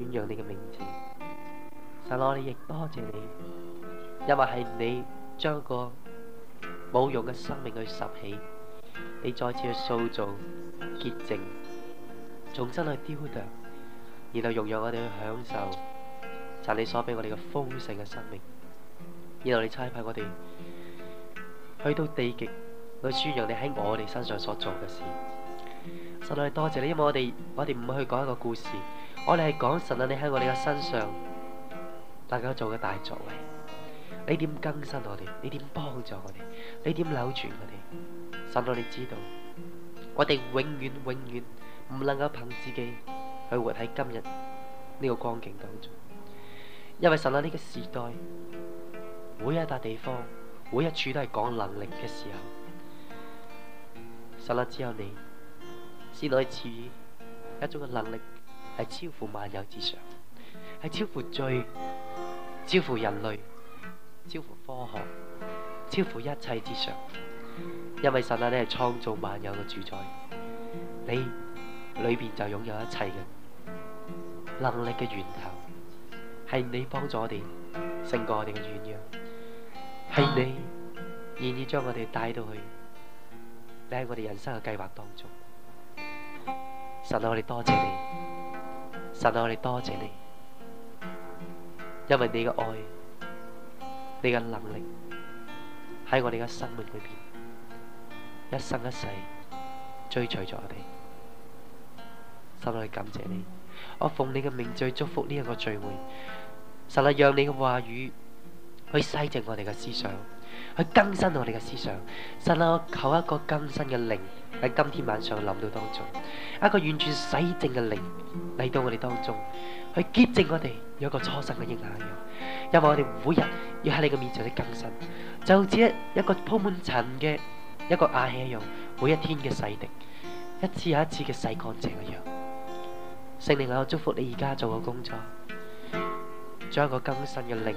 宣揚你嘅名字，神愛你，亦多謝你，因為係你將個冇用嘅生命去拾起，你再次去塑造潔淨，重新去雕琢，然後容讓我哋去享受，就你所俾我哋嘅豐盛嘅生命，然後你差派我哋去到地極去宣揚你喺我哋身上所做嘅事，神愛多謝，謝你，因為我哋我哋唔好去講一個故事。我哋係講神啊！你喺我哋嘅身上能夠做嘅大作為，你點更新我哋？你點幫助我哋？你點扭轉我哋？神啊！你知道，我哋永遠永遠唔能夠憑自己去活喺今日呢個光景當中，因為神啊！呢個時代，每一笪地方，每一處都係講能力嘅時候神，神啊！只有你先可以賜予一種嘅能力。係超乎萬有之上，係超乎罪、超乎人類、超乎科學、超乎一切之上。因為神啊，你係創造萬有嘅主宰，你裏邊就擁有一切嘅能力嘅源頭，係你幫助我哋勝過我哋嘅軟弱，係你願意將我哋帶到去，你喺我哋人生嘅計劃當中，神啊，我哋多謝你。神啊，我哋多謝，謝你，因為你嘅愛，你嘅能力喺我哋嘅生命裏邊，一生一世追隨咗我哋，神啊，感謝你，我奉你嘅名最祝福呢一個聚會。神啊，讓你嘅話語去洗淨我哋嘅思想，去更新我哋嘅思想。神啊，我求一個更新嘅靈。喺今天晚上諗到當中，一個完全洗淨嘅靈嚟到我哋當中，去潔淨我哋有一個初生嘅嬰孩一樣，因為我哋每日要喺你嘅面上更新，就似一一個鋪滿塵嘅一個瓦器一樣，每一天嘅洗滌，一次又一次嘅洗乾淨一樣。聖靈啊，祝福你而家做嘅工作，將一個更新嘅靈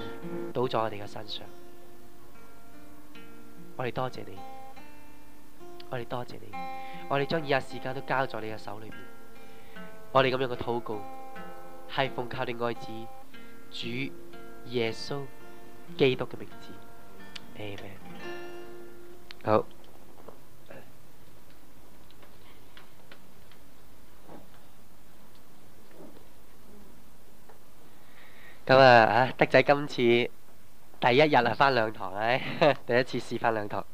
倒在我哋嘅身上，我哋多謝你。我哋多謝你，我哋將以下時間都交在你嘅手裏邊。我哋咁樣嘅禱告，係奉靠你愛子主耶穌基督嘅名字。Amen。好。咁啊，啊德仔今次第一日啊，翻兩堂啊，第一次試翻兩堂。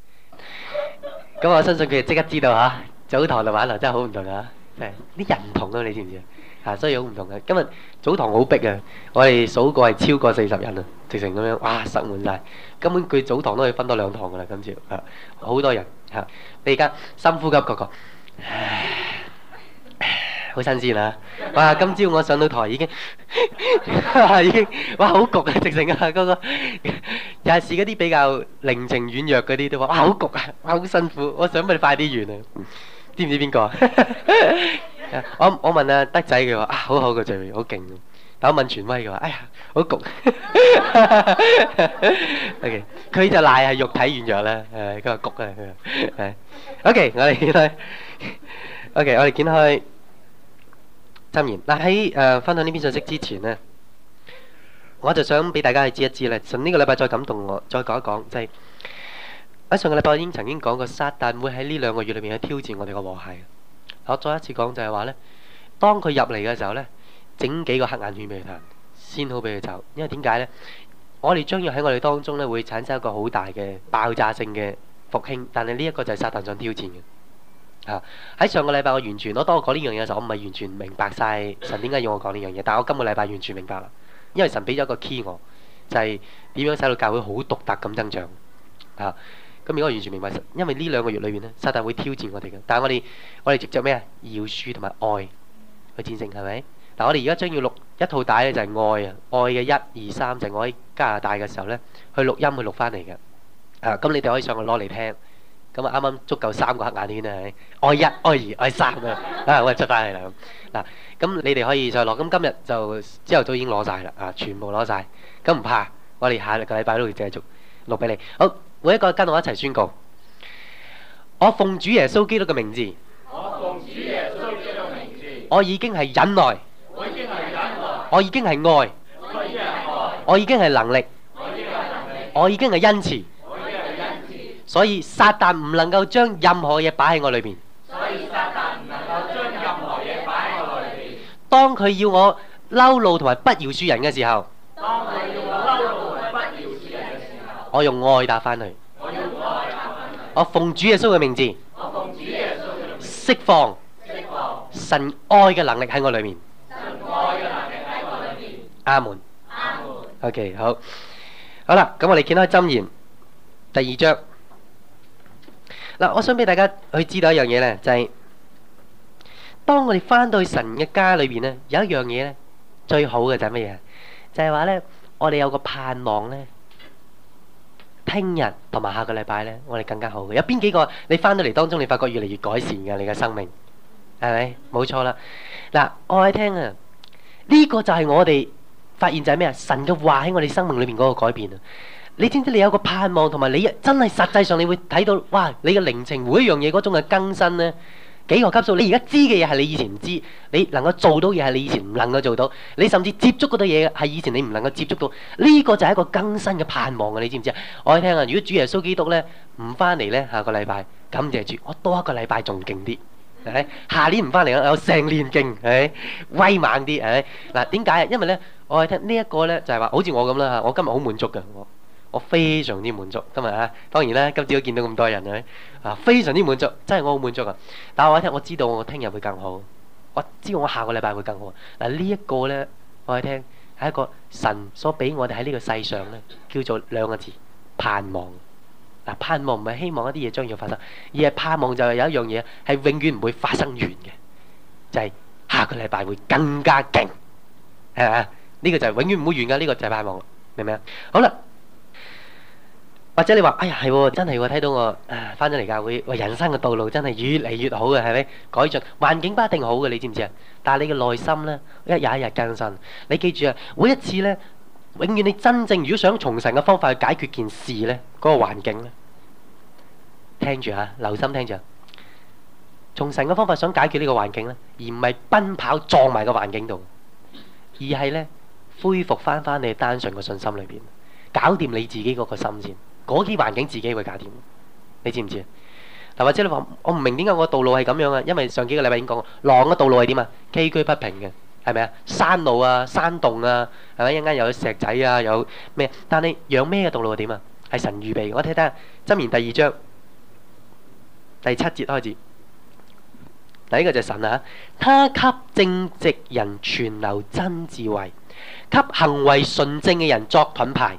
咁我相信佢哋即刻知道吓，早堂同玩啊，真係好唔同啊。即係啲人唔同啊，你知唔知啊？吓，所以好唔同嘅，啊。今日早堂好逼啊，我哋數過係超過四十人啊，直成咁樣，哇塞滿晒！根本佢早堂都可以分多兩堂噶啦，今朝好多人，你而家深呼吸確確確，哥哥。好新鮮啊！哇，今朝我上到台已經，已經哇好焗啊！直情啊，嗰個又係試嗰啲比較寧靜軟弱嗰啲都話哇好焗啊，哇好辛苦！我想俾你快啲完啊！知唔知邊個啊？我我問阿德仔佢話啊好好嘅字，好勁！但我問傳威佢話哎呀好焗。O K，佢就賴係肉體軟弱啦，誒佢話焗嘅佢話，係。O K，我哋剪開。O K，我哋剪開。真言。嗱喺誒分享呢篇信息之前咧，我就想俾大家去知一知咧。上呢個禮拜再感動我，再講一講，就係、是、喺上個禮拜已經曾經講過，撒旦會喺呢兩個月裏面去挑戰我哋個和諧。我再一次講就係話呢，當佢入嚟嘅時候呢，整幾個黑眼圈俾佢睇，先好俾佢走。因為點解呢？我哋將要喺我哋當中呢會產生一個好大嘅爆炸性嘅復興，但係呢一個就係撒旦想挑戰嘅。啊！喺上個禮拜我完全，我當我講呢樣嘢嘅時候，我唔係完全明白晒神點解要我講呢樣嘢。但係我今個禮拜完全明白啦，因為神俾咗一個 key 我，就係點樣使到教會好獨特咁增長。啊！咁如果我完全明白，因為呢兩個月裏邊咧，撒但會挑戰我哋嘅。但係我哋我哋藉着咩啊？饒恕同埋愛去戰勝，係咪？嗱，我哋而家將要錄一套帶咧，就係愛啊！愛嘅一二三，就係我喺加拿大嘅時候咧，去錄音去錄翻嚟嘅。啊！咁你哋可以上去攞嚟聽。咁啊，啱啱足夠三個黑眼圈啊！愛一、愛二、愛三啊！啊，我出翻嚟啦咁。嗱，咁你哋可以再落。咁今日就朝頭早已經攞曬啦，啊，全部攞曬。咁唔怕，我哋下個禮拜都會繼續錄俾你。好，每一個跟我一齊宣告：我奉主耶穌基督嘅名字；我奉主耶穌基督嘅名字；我已經係忍耐；我已經係忍耐；我已經係愛；我已經係愛；我已經係能力；我已經係能力；我已經係恩慈。所以撒旦唔能夠將任何嘢擺喺我裏面。所以撒旦唔能夠將任何嘢擺喺我裏面。當佢要我嬲怒，同埋不饒恕人嘅時候，當佢要我嬲怒，同埋不饒恕人嘅時候，我用愛打翻佢。我用愛打翻佢。我奉主耶穌嘅名字。我奉主耶穌嘅名字。釋放。釋放。神愛嘅能力喺我裏面。神愛嘅能力喺我裏面。阿門。阿門。OK，好。好啦，咁我哋見開箴言第二章。嗱，我想俾大家去知道一樣嘢咧，就係、是、當我哋翻到去神嘅家裏邊咧，有一樣嘢咧最好嘅就係乜嘢？就係話咧，我哋有個盼望咧，聽日同埋下個禮拜咧，我哋更加好嘅。有邊幾個？你翻到嚟當中，你發覺你越嚟越改善嘅，你嘅生命係咪？冇錯啦。嗱，我話你聽啊，呢、這個就係我哋發現就係咩啊？神嘅話喺我哋生命裏邊嗰個改變啊！你知唔知你有個盼望，同埋你真係實際上你會睇到，哇！你嘅靈情，每一樣嘢嗰種嘅更新呢？幾何級數？你而家知嘅嘢係你以前唔知，你能夠做到嘅嘢係你以前唔能夠做到，你甚至接觸嗰啲嘢係以前你唔能夠接觸到。呢、這個就係一個更新嘅盼望啊！你知唔知啊？我係聽啊，如果主耶穌基督呢，唔翻嚟呢，下個禮拜感謝主，我多一個禮拜仲勁啲，下年唔翻嚟啦，我成年勁，威猛啲，嗱，點解啊？因為呢、這個就是，我係聽呢一個呢，就係話，好似我咁啦，我今日好滿足嘅。我非常之滿足，今日啊，當然啦，今朝都見到咁多人咧，啊，非常之滿足，真係我好滿足啊！但係我話你聽，我知道我聽日會更好，我知道我下個禮拜會更好。嗱，呢一個咧，我哋聽係一個神所俾我哋喺呢個世上咧，叫做兩個字盼望。嗱，盼望唔係希望一啲嘢將要發生，而係盼望就係有一樣嘢係永遠唔會發生完嘅，就係、係、下個禮拜會更加勁，係啊？呢、呢個就係永遠唔會完噶，呢、呢個就係盼望，明唔明啊？好啦。或者你話哎呀係喎，真係喎，睇到我翻咗嚟教會喂，人生嘅道路真係越嚟越好嘅，係咪？改進環境不一定好嘅，你知唔知啊？但係你嘅內心咧，一日一日更新。你記住啊，每一次咧，永遠你真正如果想從神嘅方法去解決件事咧，嗰個環境咧，聽住啊，留心聽住。從神嘅方法想解決呢個環境咧，而唔係奔跑撞埋個環境度，而係咧恢復翻翻你單純嘅信心裏邊，搞掂你自己嗰個心先。嗰啲環境自己會搞掂，你知唔知？或者你話我唔明點解我個道路係咁樣啊？因為上幾個禮拜已經講過，狼嘅道路係點啊？崎嶇不平嘅，係咪啊？山路啊、山洞啊，係咪一陣間有石仔啊、有咩？但係羊咩嘅道路係點啊？係神預備。我睇睇《箴言》第二章第七節開始，第、這、一個就係神啊！他給正直人存留真智慧，給行為純正嘅人作盾牌。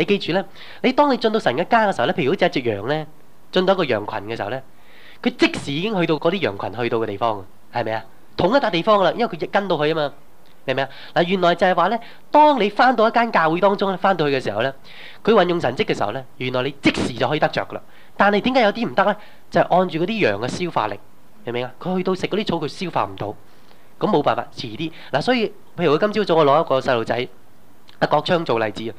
你記住咧，你當你進到神嘅家嘅時候咧，譬如好似一隻羊咧，進到一個羊群嘅時候咧，佢即時已經去到嗰啲羊群去到嘅地方，係咪啊？同一笪地方噶啦，因為佢亦跟到佢啊嘛，明唔明啊？嗱，原來就係話咧，當你翻到一間教會當中咧，翻到去嘅時候咧，佢運用神蹟嘅時候咧，原來你即時就可以得着噶啦。但係點解有啲唔得咧？就係、是、按住嗰啲羊嘅消化力，明唔明啊？佢去到食嗰啲草，佢消化唔到，咁冇辦法遲啲嗱。所以譬如佢今朝早我攞一個細路仔。阿郭昌做例子啊，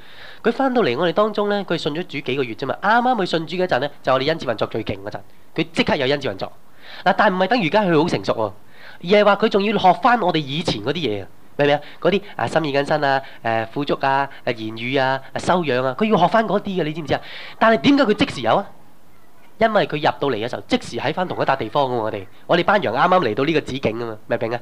佢翻到嚟我哋當中咧，佢信咗主幾個月啫嘛，啱啱去信主嗰陣咧，就是、我哋恩賜運作最勁嗰陣，佢即刻有恩賜運作。嗱，但唔係等而家佢好成熟喎，而係話佢仲要學翻我哋以前嗰啲嘢，明唔明啊？嗰啲啊心意更新啊、誒富足啊、誒言語啊、誒修養啊，佢要學翻嗰啲嘅，你知唔知啊？但係點解佢即時有啊？因為佢入到嚟嘅時候，即時喺翻同一笪地方嘅我哋，我哋班羊啱啱嚟到呢個紫境啊嘛，明唔明啊？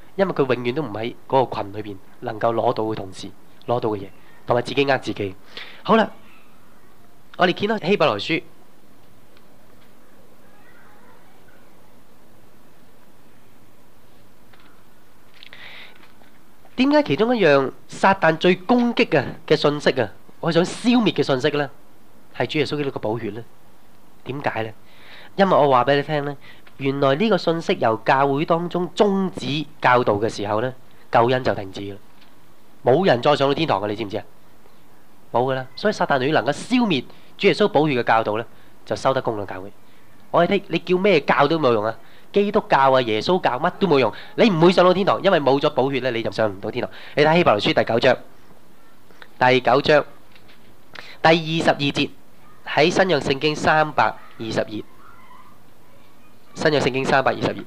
因為佢永遠都唔喺嗰個群裏邊能夠攞到嘅，同事攞到嘅嘢，同埋自己呃自己。好啦，我哋見到希伯來書，點解其中一樣撒但最攻擊嘅嘅信息啊，我想消滅嘅信息咧，係主耶穌基督嘅寶血咧？點解咧？因為我話俾你聽咧。原來呢個信息由教會當中終止教導嘅時候咧，救恩就停止啦，冇人再上到天堂嘅，你知唔知啊？冇噶啦，所以撒但女能夠消滅主耶穌寶血嘅教導咧，就收得功啦教會。我哋聽你叫咩教都冇用啊，基督教啊、耶穌教乜都冇用，你唔會上到天堂，因為冇咗寶血咧，你就上唔到天堂。你睇希伯來書第九章，第九章第二十二節喺新約聖經三百二十二。新約聖經三百二十二頁，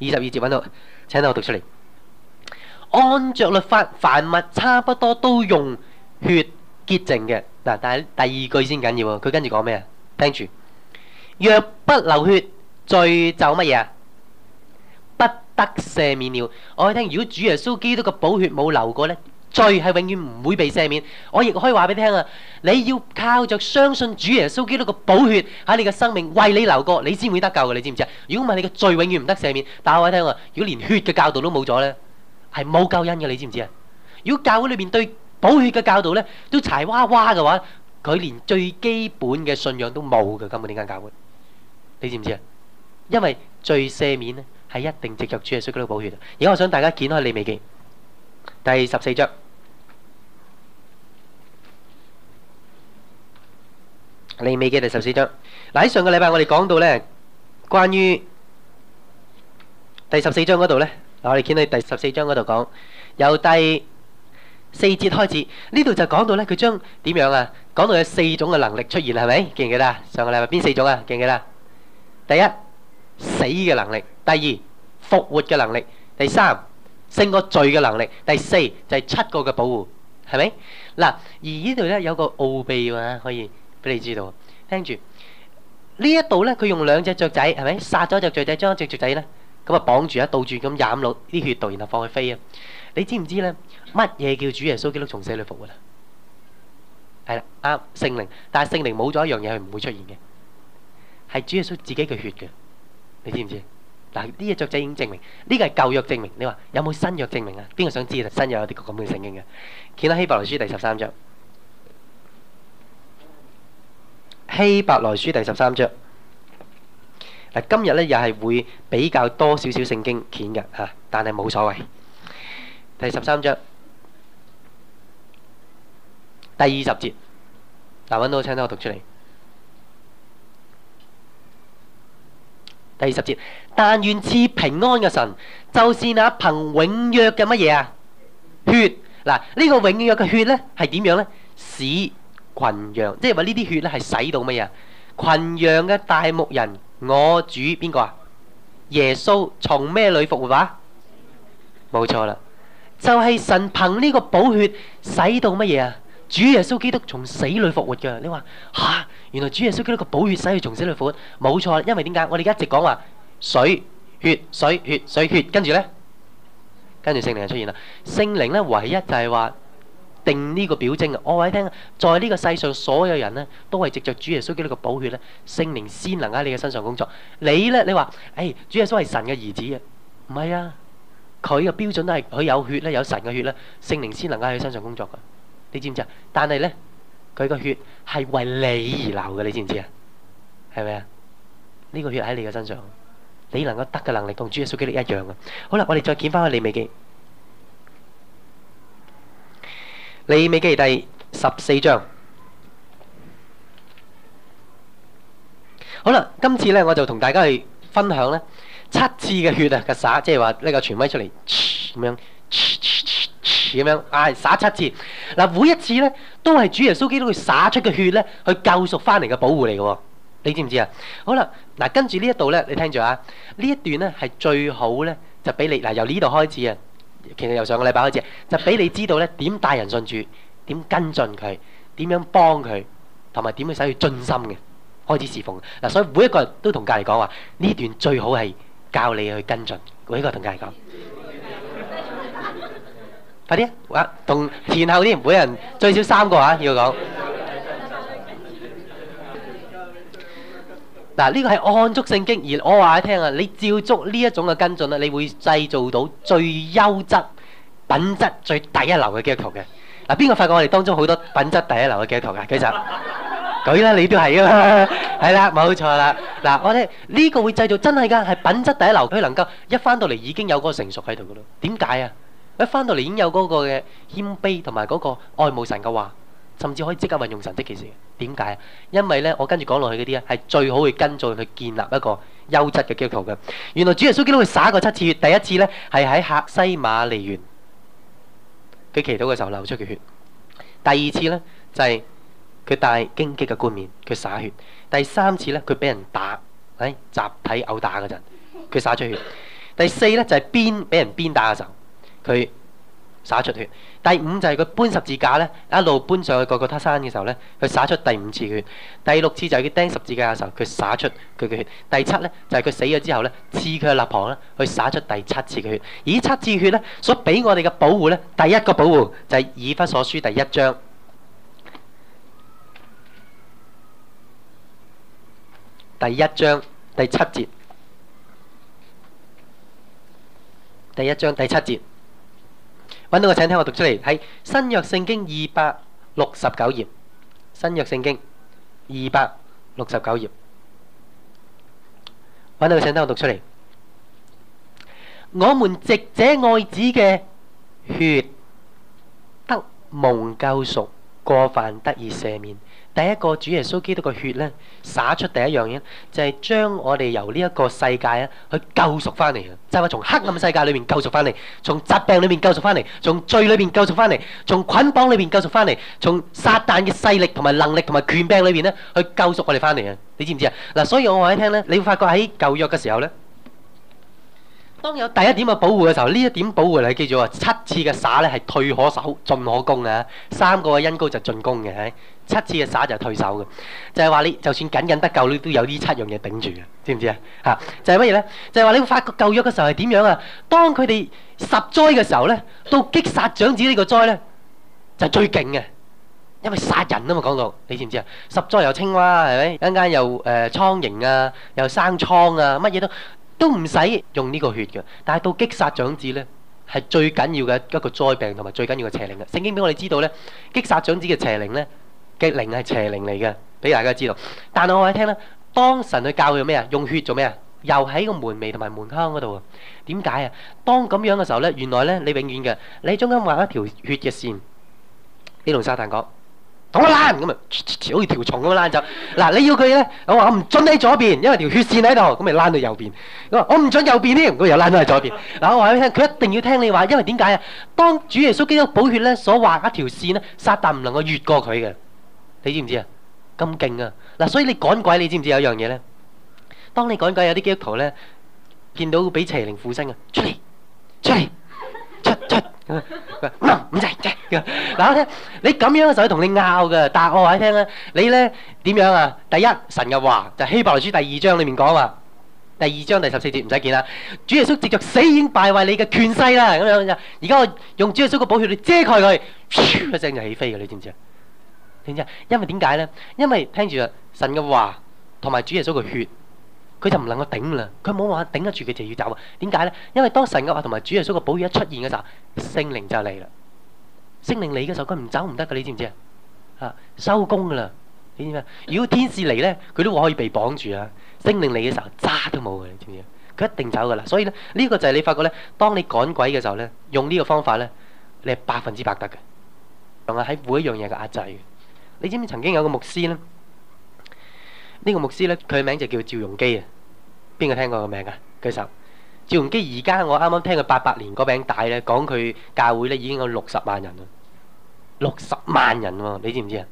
二十二節，揾到，請我讀出嚟。按著律法，凡物差不多都用血潔淨嘅。嗱，但係第二句先緊要喎。佢跟住講咩啊？聽住，若不流血，罪就乜嘢啊？不得赦免了。我哋聽，如果主耶穌基督嘅寶血冇流過咧？罪係永遠唔會被赦免，我亦可以話俾你聽啊！你要靠著相信主耶穌基督嘅寶血喺你嘅生命為你流過，你先會得救嘅，你知唔知啊？如果唔係，你嘅罪永遠唔得赦免。但係我話你聽啊，如果連血嘅教導都冇咗咧，係冇救恩嘅，你知唔知啊？如果教會裏邊對寶血嘅教導咧都柴娃娃嘅話，佢連最基本嘅信仰都冇嘅，根本呢間教會，你知唔知啊？因為罪赦免咧係一定藉著主耶穌基督寶血。而家我想大家掀開你嘅面鏡。第十四章，你未記嘅第十四章。嗱喺上個禮拜我哋講到咧，關於第十四章嗰度咧，嗱我哋見到第十四章嗰度講由第四節開始，呢度就講到咧佢將點樣啊？講到有四種嘅能力出現，係咪記唔記得？上個禮拜邊四種啊？記唔記得？第一死嘅能力，第二復活嘅能力，第三，勝過罪嘅能力，第四就係、是、七個嘅保護，係咪？嗱，而呢度咧有個奧秘喎，可以俾你知道。聽住呢一度咧，佢用兩隻雀仔，係咪殺咗一隻雀仔，將一隻雀仔咧咁啊綁住一倒轉咁飲落啲血度，然後放去飛啊！你知唔知咧？乜嘢叫主耶穌基督從死裏復活啦？係啦，啱聖靈，但係聖靈冇咗一樣嘢，係唔會出現嘅，係主耶穌自己嘅血嘅，你知唔知道？嗱，呢隻雀仔已經證明，呢個係舊約證明。你話有冇新約證明啊？邊個想知啊？新約有啲咁嘅聖經嘅？見到希伯來書第十三章。希伯來書第十三章。嗱，今日咧又係會比較多少少聖經卷嘅嚇，但係冇所謂。第十三章，第二十節。嗱，揾到請睇我讀出嚟。第十節，但願賜平安嘅神，就是那憑永約嘅乜嘢啊？血，嗱呢、這個永約嘅血呢，係點樣呢？使群羊，即係話呢啲血呢，係使到乜嘢啊？羣羊嘅大牧人，我主邊個啊？耶穌從咩裏復活啊？冇錯啦，就係、是、神憑呢個寶血使到乜嘢啊？主耶穌基督從死裏復活嘅，你話吓，原來主耶穌基督個寶血使佢從死裏復活，冇錯啦。因為點解？我哋一直講話水、血、水、血、水、血，跟住咧，跟住聖靈就出現啦。聖靈咧，唯一就係話定呢個表徵啊！我話你聽，在呢個世上所有人咧，都係藉着主耶穌基督個寶血咧，聖靈先能夠喺你嘅身上工作。你咧，你話，誒，主耶穌係神嘅兒子嘅，唔係啊？佢嘅標準都係佢有血咧，有神嘅血咧，聖靈先能夠喺佢身上工作噶。你知唔知啊？但係咧，佢個血係為你而流嘅，你知唔知啊？係咪啊？呢個血喺你嘅身上，你能夠得嘅能力同主耶穌基督力一樣嘅。好啦，我哋再見翻去利未記，利未記第十四章。好啦，今次咧我就同大家去分享咧七次嘅血嘅灑，即係話呢個傳威出嚟，咁樣。咁樣啊，灑七次嗱，每一次咧都係主耶穌基督佢灑出嘅血咧，去救贖翻嚟嘅保護嚟嘅，你知唔知啊？好啦，嗱，跟住呢一度咧，你聽住啊，呢一段咧係最好咧，就俾你嗱由呢度開始啊，其實由上個禮拜開始啊，就俾你知道咧點帶人信主，點跟進佢，點樣幫佢，同埋點樣使佢盡心嘅開始侍奉嗱，所以每一個人都同隔籬講話呢段最好係教你去跟進，每一個同隔籬講。快啲，哇！同前後啲，每人最少三個啊，要講。嗱，呢個係按足聖經，而我話你聽啊，你照足呢一種嘅跟進啦，你會製造到最優質、品質最第一流嘅基督徒嘅。嗱，邊個發覺我哋當中好多品質第一流嘅基督徒啊？其實，舉啦，你都係啊嘛，係啦，冇錯啦。嗱，我哋呢個會製造真係㗎，係品質第一流，佢能夠一翻到嚟已經有嗰個成熟喺度嘅咯。點解啊？一翻到嚟已經有嗰個嘅謙卑同埋嗰個愛慕神嘅話，甚至可以即刻運用神蹟奇事。點解啊？因為咧，我跟住講落去嗰啲咧，係最好去跟進去建立一個優質嘅基督徒嘅。原來主耶穌基督佢灑過七次血，第一次咧係喺客西馬尼園，佢祈禱嘅時候流出嘅血。第二次咧就係佢帶荊棘嘅冠冕，佢灑血。第三次咧佢俾人打喺、哎、集體毆打嗰陣，佢灑出血。第四咧就係邊俾人鞭打嘅時候。佢撒出血。第五就係佢搬十字架咧，一路搬上去各各他山嘅時候咧，佢撒出第五次的血。第六次就係佢釘十字架嘅時候，佢撒出佢嘅血。第七咧就係、是、佢死咗之後咧，刺佢嘅肋旁啦，去撒出第七次嘅血。而七次的血咧，所俾我哋嘅保護咧，第一個保護就係、是、以弗所書第一章，第一章第七節，第一章第七節。揾到個請聽我讀出嚟。喺新約聖經二百六十九頁，新約聖經二百六十九頁，揾到個請聽我讀出嚟。我們藉著愛子嘅血得蒙救贖，過犯得以赦免。第一個主耶穌基督嘅血咧，灑出第一樣嘢就係、是、將我哋由呢一個世界啊，去救贖翻嚟嘅，即係話從黑暗世界裏面救贖翻嚟，從疾病裏面救贖翻嚟，從罪裏面救贖翻嚟，從捆綁裏面救贖翻嚟，從撒旦嘅勢力同埋能力同埋權柄裏面咧，去救贖我哋翻嚟嘅。你知唔知啊？嗱，所以我話你聽咧，你會發覺喺舊約嘅時候咧，當有第一點嘅保護嘅時候，呢一點保護你記住啊，七次嘅灑咧係退可守，進可攻啊，三個嘅恩膏就進攻嘅。七次嘅撒就退手嘅，就係話你就算僅僅得救你都有呢七樣嘢頂住嘅，知唔知啊？嚇，就係乜嘢咧？就係話你會發覺舊約嘅時候係點樣啊？當佢哋十災嘅時候咧，到擊殺長子呢個災咧，就最勁嘅，因為殺人啊嘛，講到你知唔知啊？十災有青蛙係咪？一陣間又誒蒼蠅啊，又生瘡啊，乜嘢都都唔使用呢個血嘅，但係到擊殺長子咧，係最緊要嘅一個災病同埋最緊要嘅邪靈嘅。聖經俾我哋知道咧，擊殺長子嘅邪靈咧。嘅靈係邪靈嚟嘅，俾大家知道。但係我話你聽咧，當神去教佢咩啊？用血做咩啊？又喺個門楣同埋門腔嗰度喎。點解啊？當咁樣嘅時候咧，原來咧你永遠嘅你中間畫一條血嘅線。啲龍撒旦講，我攔咁啊，好似條蟲咁樣攔走。嗱，你要佢咧，我話我唔準你喺左邊，因為條血線喺度，咁咪攔到右邊。我話我唔準右邊添，佢又攔到喺左邊。嗱，我話俾你聽，佢一定要聽你話，因為點解啊？當主耶穌基督寶血咧，所畫一條線咧，撒旦唔能夠越過佢嘅。你知唔知啊？咁勁啊！嗱，所以你趕鬼，你知唔知有樣嘢咧？當你趕鬼有啲基督徒咧，見到俾邪靈附身啊，出嚟，出嚟，出出，佢話唔使，唔使，嗱，我咧，你咁樣嘅時候同你拗噶，但係我話你聽咧，你咧點樣啊？第一，神嘅話就希伯來書第二章裏面講啊，第二章第十四節唔使見啦，主耶穌藉着死已經敗壞你嘅權勢啦，咁樣就，而家我用主耶穌嘅寶血嚟遮蓋佢，噓一聲就起飛嘅，你知唔知啊？點知因為點解咧？因為聽住啦，神嘅話同埋主耶穌嘅血，佢就唔能夠頂啦。佢冇話頂得住，佢就要走啊。點解咧？因為當神嘅話同埋主耶穌嘅寶血一出現嘅時候，聖靈就嚟啦。聖靈嚟嘅時候，佢唔走唔得嘅，你知唔知啊？啊，收工噶啦，知唔知啊？如果天使嚟咧，佢都可以被綁住啊。聖靈嚟嘅時候，渣都冇嘅，你知唔知啊？佢一定走噶啦。所以咧，呢個就係你發覺咧，當你趕鬼嘅時候咧，用呢個方法咧，你係百分之百得嘅，同啊喺每一樣嘢嘅壓制。你知唔知曾經有個牧師咧？呢個牧師咧，佢嘅名就叫趙容基啊。邊個聽過個名啊？記實，趙容基而家我啱啱聽佢八八年嗰餅帶咧講，佢教會咧已經有六十萬人啊，六十萬人喎！你知唔知啊？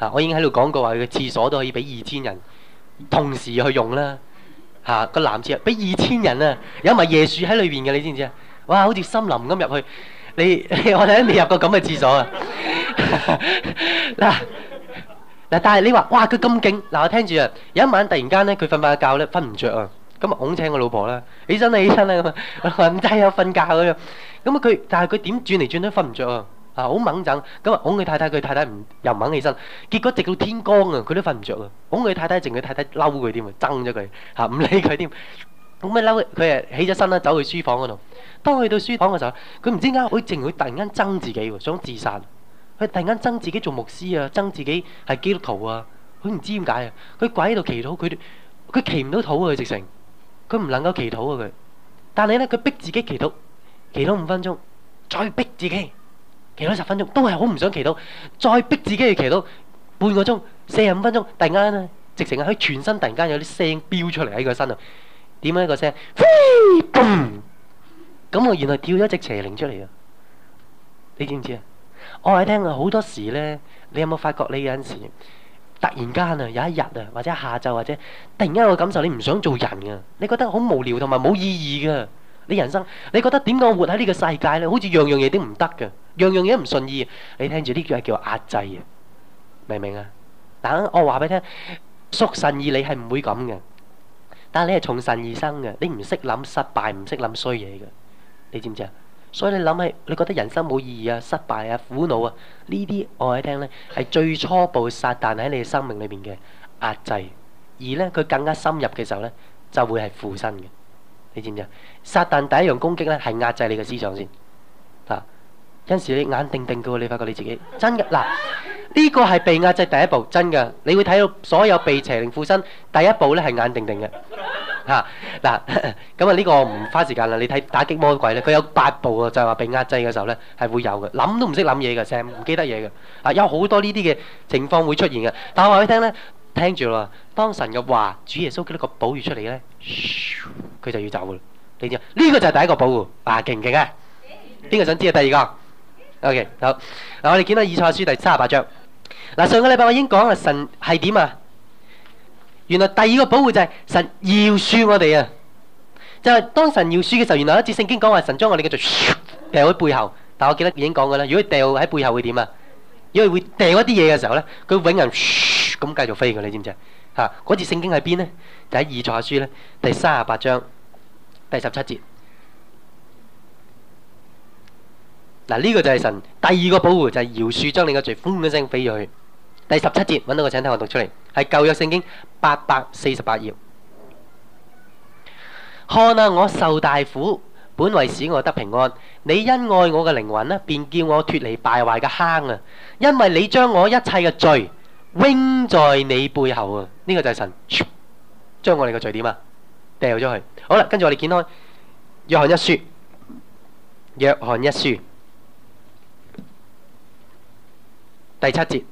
嚇，我已經喺度講過話，佢嘅廁所都可以俾二千人同時去用啦。嚇，個男廁俾二千人啊，有埋椰樹喺裏邊嘅，你知唔知啊？哇，好似森林咁入去。你我哋都未入過咁嘅廁所啊？嗱。但係你話，哇，佢咁勁，嗱，我聽住啊，有一晚突然間咧，佢瞓返個覺咧，瞓唔着啊，咁啊，㧬請我老婆啦，起身啦，起身啦咁啊，唔制啊，瞓覺咁樣，咁啊佢，但係佢點轉嚟轉都瞓唔着啊，啊，好掹掙，咁啊，㧬佢太太，佢太太唔又唔肯起身，結果直到天光啊，佢都瞓唔着啊，㧬佢太太，淨佢太太嬲佢添啊，憎咗佢，嚇唔理佢添，咁啊嬲佢，佢啊起咗身啦，走去書房嗰度，當佢去到書房嘅時候，佢唔知點解佢淨佢突然間憎自己喎，想自殺。佢突然間憎自己做牧師啊，憎自己係基督徒啊，佢唔知點解啊。佢跪喺度祈禱，佢佢祈唔到禱啊，佢直情。佢唔能夠祈禱啊，佢。但係咧，佢逼自己祈禱，祈禱五分鐘，再逼自己祈禱十分鐘，都係好唔想祈禱。再逼自己去祈禱半個鐘、四十五分鐘，突然間啊，直情啊，佢全身突然間有啲聲飆出嚟喺個身度。點一個聲？嘭！ 咁 我原來跳咗隻邪靈出嚟啊！你知唔知啊？我話你聽啊，好多時咧，你有冇發覺你有陣時突然間啊，有一日啊，或者下晝或者突然間有個感受，你唔想做人啊，你覺得好無聊同埋冇意義噶，你人生你覺得點講活喺呢個世界咧，好似樣樣嘢都唔得噶，樣樣嘢唔順意，你聽住呢句係叫壓制啊，明唔明啊？等我話俾你聽，屬神而你係唔會咁嘅，但係你係從神而生嘅，你唔識諗失敗，唔識諗衰嘢嘅，你知唔知啊？所以你諗起，你覺得人生冇意義啊、失敗啊、苦惱啊，呢啲我喺聽呢係最初步撒旦喺你嘅生命裏面嘅壓制。而呢，佢更加深入嘅時候呢，就會係附身嘅。你知唔知啊？撒旦第一樣攻擊呢係壓制你嘅思想先。有陣時你眼定定嘅，你發覺你自己真嘅。嗱，呢個係被壓制第一步，真嘅。你會睇到所有被邪靈附身，第一步呢係眼定定嘅。吓嗱，咁啊呢、這個唔花時間啦，你睇打擊魔鬼咧，佢有八步啊，就係、是、話被壓制嘅時候咧係會有嘅，諗都唔識諗嘢嘅成唔記得嘢嘅，啊有好多呢啲嘅情況會出現嘅，但係我話俾你聽咧，聽住啦，當神嘅話，主耶穌基督個寶血出嚟咧，噓，佢就要走啦，你知啊？呢、這個就係第一個保護，啊勁唔勁啊？邊個想知啊？第二個，ok 好，嗱、啊、我哋見到以賽書第三十八章，嗱、啊、上個禮拜我已經講啊，神係點啊？原來第二個保護就係神饒恕我哋啊！就係當神饒恕嘅時候，原來一次聖經講話神將我哋嘅罪掉喺背後。但我記得已經講過啦，如果掉喺背後會點啊？如果會掉一啲嘢嘅時候咧，佢永人咁繼續飛嘅，你知唔知啊？嗰次聖經喺邊咧？就喺以賽亞書咧，第三十八章第十七節。嗱，呢個就係神第二個保護，就係饒恕將你嘅罪轟一聲飛咗去。第十七節，揾到個，請聽我讀出嚟，係舊約聖經八百四十八頁。看啊，我受大苦，本為使我得平安。你因愛我嘅靈魂呢，便叫我脫離敗壞嘅坑啊！因為你將我一切嘅罪揈在你背後啊！呢個就係神將我哋嘅罪點啊？掉咗去。好啦，跟住我哋見開約翰一書，約翰一書第七節。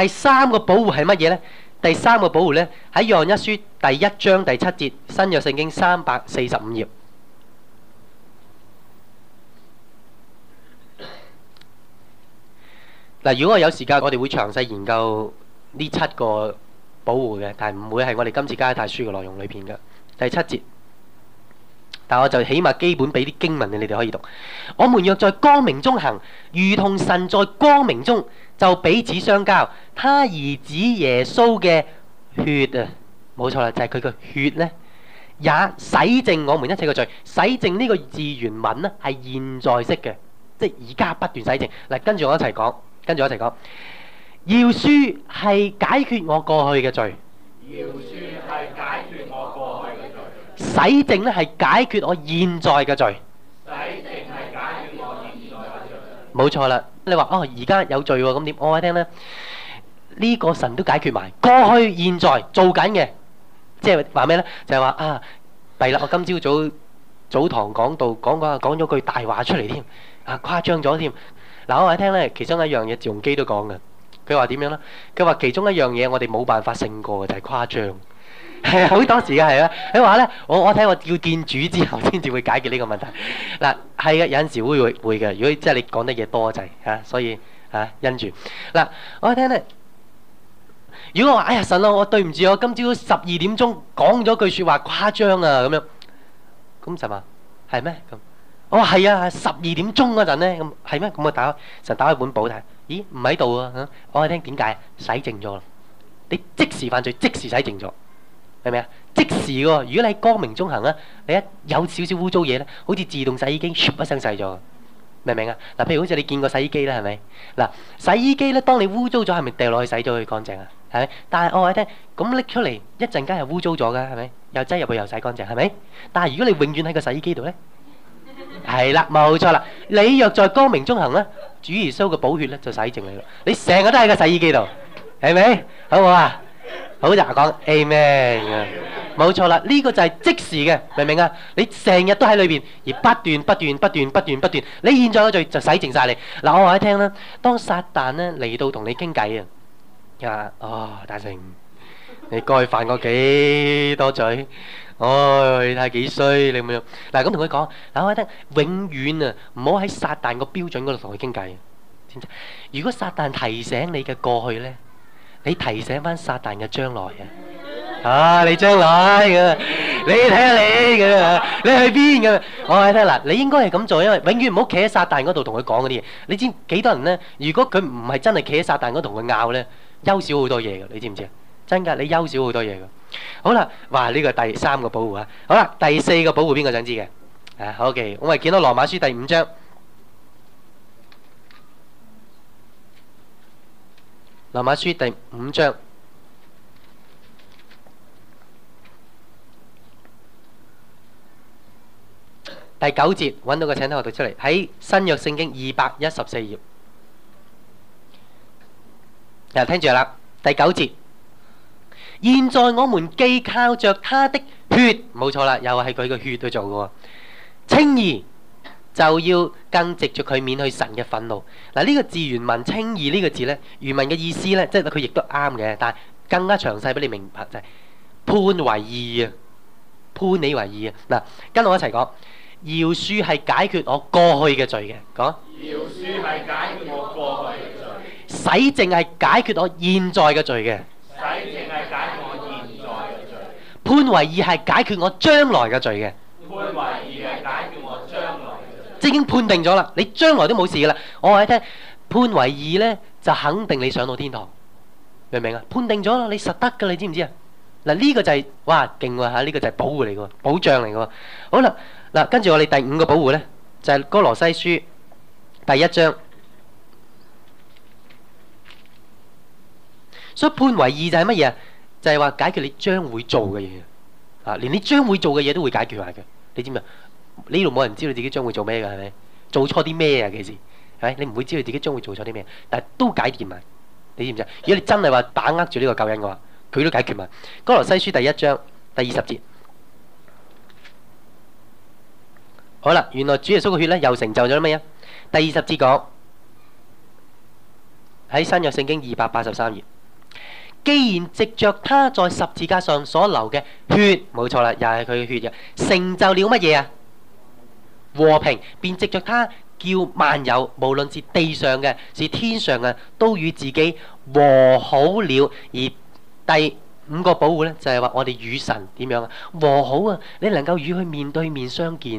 第三個保護係乜嘢呢？第三個保護呢，喺《約翰一書》第一章第七節，新約聖經三百四十五頁。嗱，如果我有時間，我哋會詳細研究呢七個保護嘅，但係唔會係我哋今次加拉太書嘅內容裏邊嘅第七節。但我就起碼基本俾啲經文你哋可以讀。我們若在光明中行，如同神在光明中。就彼此相交，他兒子耶穌嘅血啊，冇錯啦，就係佢嘅血咧，也洗淨我們一切嘅罪。洗淨呢個字原文呢，係現在式嘅，即係而家不斷洗淨。嚟，跟住我一齊講，跟住我一齊講，要書係解決我過去嘅罪，要書係解決我過去嘅罪，洗淨呢係解決我現在嘅罪，冇錯啦！你話哦，而家有罪喎，咁點？我話你聽咧，呢個神都解決埋過去、現在做緊嘅，即係話咩咧？就係話啊，弊啦！我今朝早早堂講道講講啊，講咗句大話出嚟添，啊誇張咗添。嗱，我話你聽咧，其中一樣嘢趙鏞基都講嘅，佢話點樣咧？佢話其中一樣嘢我哋冇辦法勝過嘅就係誇張。係好多時嘅係啊！你話咧，我我聽我要見主之後先至會解決呢個問題，嗱，係啊，有陣時會會嘅。如果即係你講得嘢多滯嚇，所以啊因住嗱，我聽咧。如果我話哎呀神啊，我對唔住我今朝十二點鐘講咗句説話誇張啊咁樣，咁神話係咩咁？我話係啊，十二點鐘嗰陣咧，咁係咩咁？我打開神打開本簿睇，咦唔喺度啊！我聽點解洗淨咗啦？你即時犯罪即時洗淨咗。係咪啊？即時喎！如果你喺光明中行啦，你一有少少污糟嘢咧，好似自動洗衣機，唰一聲洗咗，明唔明啊？嗱，譬如好似你見過洗衣機啦，係咪？嗱，洗衣機咧，當你污糟咗，係咪掉落去洗咗佢乾淨啊？係咪？但係我話你聽，咁拎出嚟一陣間又污糟咗㗎，係咪？又擠入去又洗乾淨，係咪？但係如果你永遠喺個洗衣機度咧，係啦，冇錯啦。你若在光明中行咧，主耶穌嘅寶血咧就洗淨你咯。你成個都喺個洗衣機度，係咪？好唔好啊？好就係講 Amen 啊，冇錯啦，呢個就係即時嘅，明唔明啊？你成日都喺裏邊，而不斷不斷不斷不斷不斷，你現在嘅罪就洗淨晒你。嗱，我話你聽啦，當撒但咧嚟到同你傾偈啊，啊，哦，大成，你過去犯過幾多罪？哎，你睇下幾衰，你唔要。嗱，咁同佢講，嗱，我話你聽，永遠啊，唔好喺撒但個標準嗰度同佢傾偈啊，知唔知？如果撒但提醒你嘅過去咧？你提醒翻撒但嘅將來嘅，啊你將來嘅，你睇下你嘅，你去邊嘅？我話你聽啦，你應該係咁做，因為永遠唔好企喺撒但嗰度同佢講嗰啲嘢。你知幾多人咧？如果佢唔係真係企喺撒但嗰度同佢拗咧，憂少好多嘢嘅。你知唔知？真噶，你憂少好多嘢嘅。好啦，哇呢個第三個保護啊，好啦，第四個保護邊個想知嘅？啊，好嘅，我咪見到羅馬書第五章。《羅馬書》第五章第九節，揾到個，請聽我讀出嚟，喺新約聖經二百一十四頁。又聽住啦，第九節。現在我們既靠著他的血，冇錯啦，又係佢個血去做嘅喎。稱義。就要更藉著佢免去神嘅憤怒。嗱，呢個字原文清義呢個字呢，原文嘅意思呢，即係佢亦都啱嘅，但係更加詳細俾你明白就係判為義啊，判你為義啊。嗱，跟我一齊講，饒恕係解決我過去嘅罪嘅，講。饒恕係解決我過去嘅罪。洗淨係解決我現在嘅罪嘅。洗淨係解決我現在嘅罪。判為義係解決我將來嘅罪嘅。判為即已經判定咗啦，你將來都冇事噶啦。我話你聽，判為義咧就肯定你上到天堂，明唔明啊？判定咗啦，你實得噶，你知唔知啊？嗱、這、呢個就係、是、哇勁喎吓，呢、這個就係保護嚟噶，保障嚟噶。好啦，嗱跟住我哋第五個保護咧就係、是、哥羅西書第一章。所以判為義就係乜嘢？就係、是、話解決你將會做嘅嘢啊！連你將會做嘅嘢都會解決埋嘅，你知唔知啊？呢度冇人知道自己將會做咩嘅，係咪做錯啲咩啊？其實，係你唔會知道自己將會做錯啲咩，但係都解決埋。你知唔知？如果你真係話把握住呢個救恩嘅話，佢都解決埋。《哥羅西書》第一章第二十節。好啦，原來主耶穌嘅血咧又成就咗咩嘢？第二十節講喺新約聖經二百八十三頁，既然藉着他在十字架上所流嘅血，冇錯啦，又係佢嘅血嘅，成就了乜嘢啊？和平，便藉着他叫萬有，無論是地上嘅，是天上嘅，都與自己和好了。而第五個保護咧，就係話我哋與神點樣啊？和好啊！你能夠與佢面對面相見，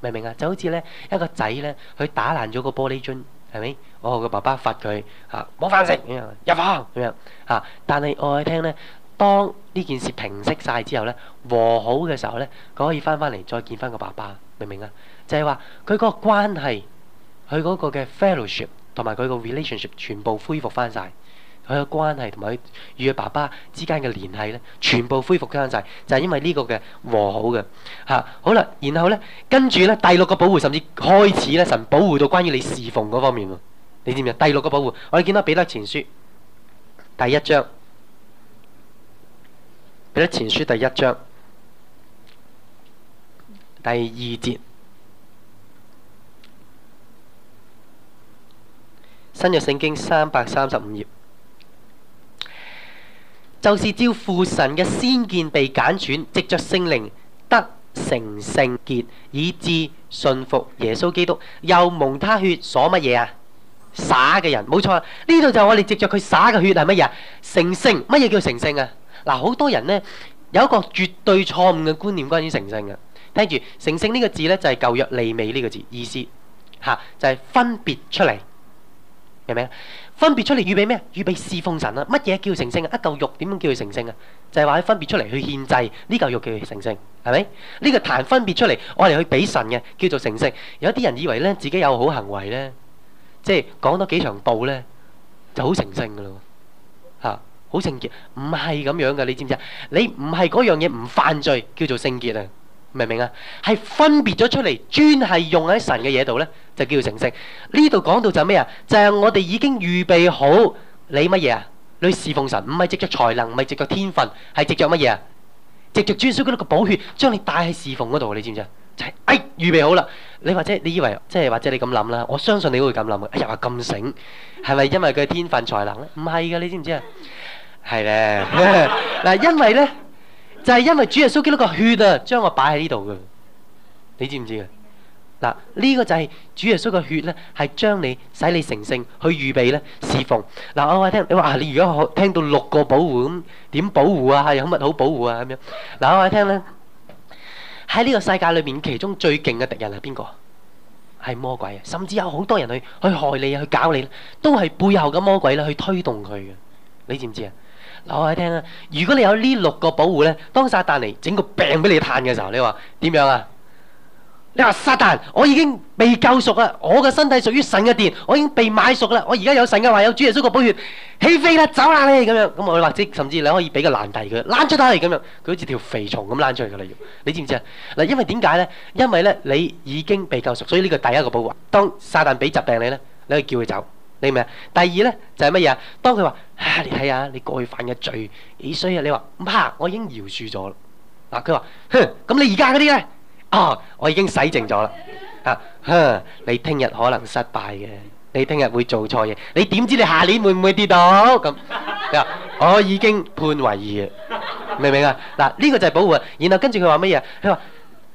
明唔明啊？就好似咧一個仔咧，佢打爛咗個玻璃樽，係咪？我個爸爸罰佢吓冇飯食咁樣入房咁樣吓，但係我哋聽咧，當呢件事平息晒之後咧，和好嘅時候咧，佢可以翻翻嚟再見翻個爸爸。明唔明啊？就係話佢嗰個關係，佢嗰個嘅 fellowship 同埋佢個 relationship 全部恢復翻晒，佢嘅關係同埋佢與佢爸爸之間嘅聯繫咧，全部恢復翻晒，就係、是、因為呢個嘅和好嘅吓、啊，好啦，然後咧，跟住咧，第六個保護甚至開始咧，神保護到關於你侍奉嗰方面喎，你知唔知？第六個保護，我哋見到《彼得前書》第一章，《彼得前書》第一章。第二節，新約聖經三百三十五頁，就是照父神嘅先見被揀選，藉着聖靈得成聖潔，以致信服耶穌基督。又蒙他血所乜嘢啊？灑嘅人，冇錯啊！呢度就係我哋藉着佢灑嘅血係乜嘢啊？成聖，乜嘢叫成聖啊？嗱，好多人呢，有一個絕對錯誤嘅觀念關於成聖嘅。聽住成聖呢個字咧，就係舊約利未呢個字意思吓，就係分別出嚟，明唔明啊？分別出嚟預備咩啊？預備侍奉神啦、啊。乜嘢叫成聖啊？一嚿肉點樣叫佢成聖啊？就係話佢分別出嚟去獻祭，呢嚿肉叫佢成聖，係咪？呢、呢個壇分別出嚟，我哋去俾神嘅叫做成聖。有啲人以為咧，自己有好行為咧，即係講多幾場道咧就好成聖噶啦，吓，好聖潔，唔係咁樣噶。你知唔知啊？你唔係嗰樣嘢唔犯罪叫做聖潔啊？明唔明啊？係分別咗出嚟，專係用喺神嘅嘢度咧，就叫做成聖。呢度講到就咩啊？就係、是、我哋已經預備好你乜嘢啊？你侍奉神，唔係藉着才能，唔係藉着天分，係藉着乜嘢啊？藉着主所給到嘅寶血，將你帶喺侍奉嗰度，你知唔知啊？就係、是、哎，預備好啦！你或者你以為即係或者你咁諗啦？我相信你都會咁諗嘅。哎呀，話咁醒，係咪因為佢天分才能咧？唔係噶，你知唔知啊？係咧，嗱，因為咧。就係因為主耶穌基督個血啊，將我擺喺呢度嘅，你知唔知啊？嗱，呢個就係主耶穌個血咧，係將你使你成聖，去預備咧侍奉。嗱，我話聽你話，你如果聽到六個保護，咁點保護啊？有乜好保護啊？咁樣嗱，我話聽咧，喺呢個世界裏面，其中最勁嘅敵人係邊個？係魔鬼啊！甚至有好多人去去害你啊，去搞你，都係背後嘅魔鬼啦，去推動佢嘅。你知唔知啊？嗱，我喺聽啊！如果你有呢六個保護咧，當撒旦嚟整個病俾你嘆嘅時候，你話點樣啊？你話撒旦，我已經被救贖啊！我嘅身體屬於神嘅殿，我已經被買贖啦！我而家有神嘅話，有主耶穌嘅寶血，起飛啦，走啦、啊、你咁樣。咁我或者甚至你可以俾個攔地佢，攔出佢嚟咁樣。佢好似條肥蟲咁攔出嚟嘅嚟。你知唔知啊？嗱，因為點解咧？因為咧，你已經被救贖，所以呢個第一個保護。當撒旦俾疾病你咧，你可以叫佢走。你明？第二呢，就係乜嘢？當佢話你睇下你過去犯嘅罪幾衰啊！你話唔怕，我已經饒恕咗啦。嗱、啊，佢話哼，咁你而家嗰啲呢？哦、啊，我已經洗淨咗啦。哼，你聽日可能失敗嘅，你聽日會做錯嘢，你點知你下年會唔會跌到？咁你話 我已經判為二，明唔明啊？嗱，呢個就係保護。然後跟住佢話乜嘢？佢話。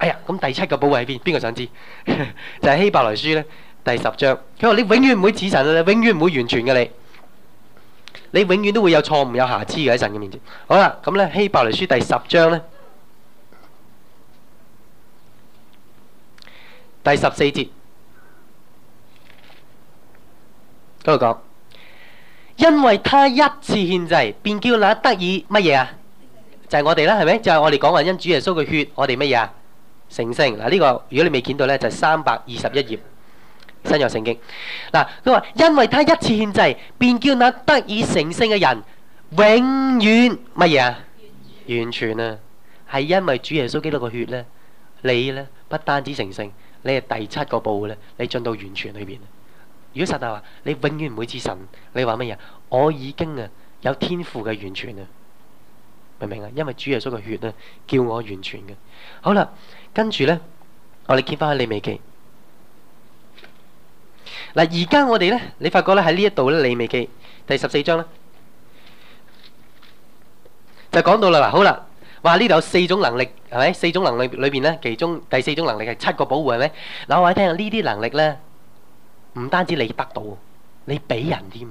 哎呀，咁第七個保護喺邊？邊個想知？ 就係希伯來書呢第十章，佢話你永遠唔會似神，永遠唔會完全嘅，你，你永遠都會有錯誤、有瑕疵嘅喺神嘅面前。好啦，咁呢，希伯來書第十章呢第十四節，度講，因為他一次獻祭，便叫那得以乜嘢啊？就係我哋啦，係咪？就係我哋講話因主耶穌嘅血，我哋乜嘢啊？成聖嗱呢個如果你未見到咧，就係三百二十一頁新約聖經嗱。佢話因為他一次獻祭，便叫那得以成聖嘅人永遠乜嘢啊？完全,完全啊！係因為主耶穌基督個血咧，你咧不單止成聖，你係第七個步咧，你進到完全裏邊。如果撒但話你永遠唔會知神，你話乜嘢？我已經啊有天父嘅完全啊！明唔明啊？因為主耶穌嘅血咧，叫我完全嘅。好啦。跟住呢，我哋揭翻去利未記。嗱，而家我哋呢，你發覺咧喺呢一度呢，利未記第十四章呢，就講到啦。嗱，好啦，話呢度有四種能力，係咪？四種能力裏面呢，其中第四種能力係七個保護，係咪？嗱，我哋聽下呢啲能力呢，唔單止你得到，你俾人添，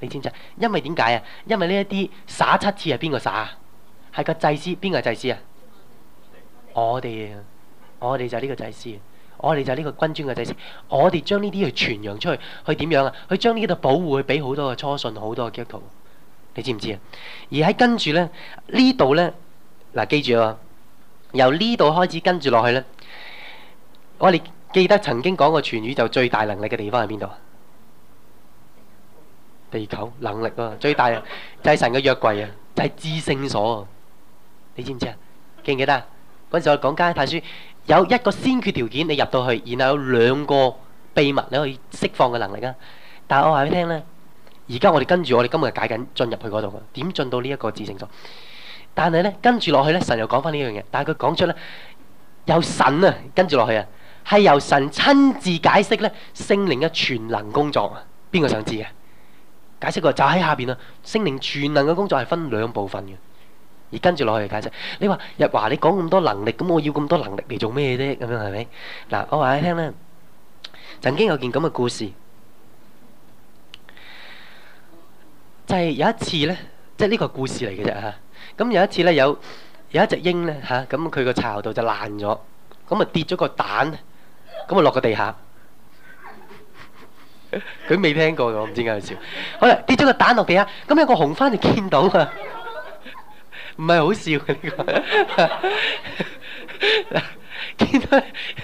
你知唔知？因為點解啊？因為呢一啲灑七次係邊個灑？係個祭司，邊個祭司啊？我哋，我哋就係呢個祭司，我哋就係呢個君尊嘅祭司。我哋將呢啲去傳揚出去，去點樣啊？去將呢度保護，去俾好多嘅初信，好多嘅基督徒，你知唔知啊？而喺跟住咧，這裏呢度咧，嗱，記住啊，由呢度開始跟住落去咧，我哋記得曾經講過全宇宙最大能力嘅地方喺邊度啊？地球能力啊，最大就係神嘅約櫃啊，就係至聖所，你知唔知啊？記唔記得啊？嗰陣時我講《加拉太書》，有一個先決條件，你入到去，然後有兩個秘密你可以釋放嘅能力啊！但係我話畀你聽咧，而家我哋跟住，我哋今日解緊進入去嗰度，點進到呢一個至聖所？但係咧，跟住落去咧，神又講翻呢樣嘢，但係佢講出咧，由神啊跟住落去啊，係由神親自解釋咧聖靈嘅全能工作啊！邊個想知嘅？解釋過，就喺下邊啦。聖靈全能嘅工作係分兩部分嘅。而跟住落去解釋，你話日華你講咁多能力，咁我要咁多能力嚟做咩啫？咁樣係咪？嗱，我話你聽啦，曾經有件咁嘅故事，就係有一次咧，即係呢個故事嚟嘅啫嚇。咁有一次咧，有有一隻鷹咧嚇，咁佢個巢度就爛咗，咁啊跌咗個蛋，咁啊落個地下。佢未聽過㗎，我唔知點解佢笑。好啦，跌咗個蛋落地下，咁有個紅番就見到啊。唔係好笑嘅，呢個，見到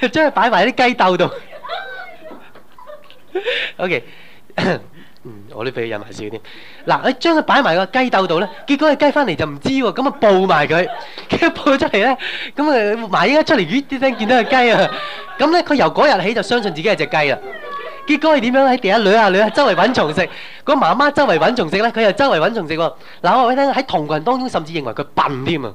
將佢擺埋喺啲雞竇度。OK，嗯，我啲畀佢忍埋少啲。嗱，你將佢擺埋個雞竇度咧，結果個雞翻嚟就唔知喎，咁啊布埋佢，跟住布咗出嚟咧，咁啊埋依家出嚟，咦！啲聲見到個雞啊，咁咧佢由嗰日起就相信自己係隻雞啦。結果係點樣咧？喺地下裏啊裏啊周圍揾蟲食，個媽媽周圍揾蟲食咧，佢又周圍揾蟲食喎。嗱，我話你聽喺同群當中，甚至認為佢笨添啊！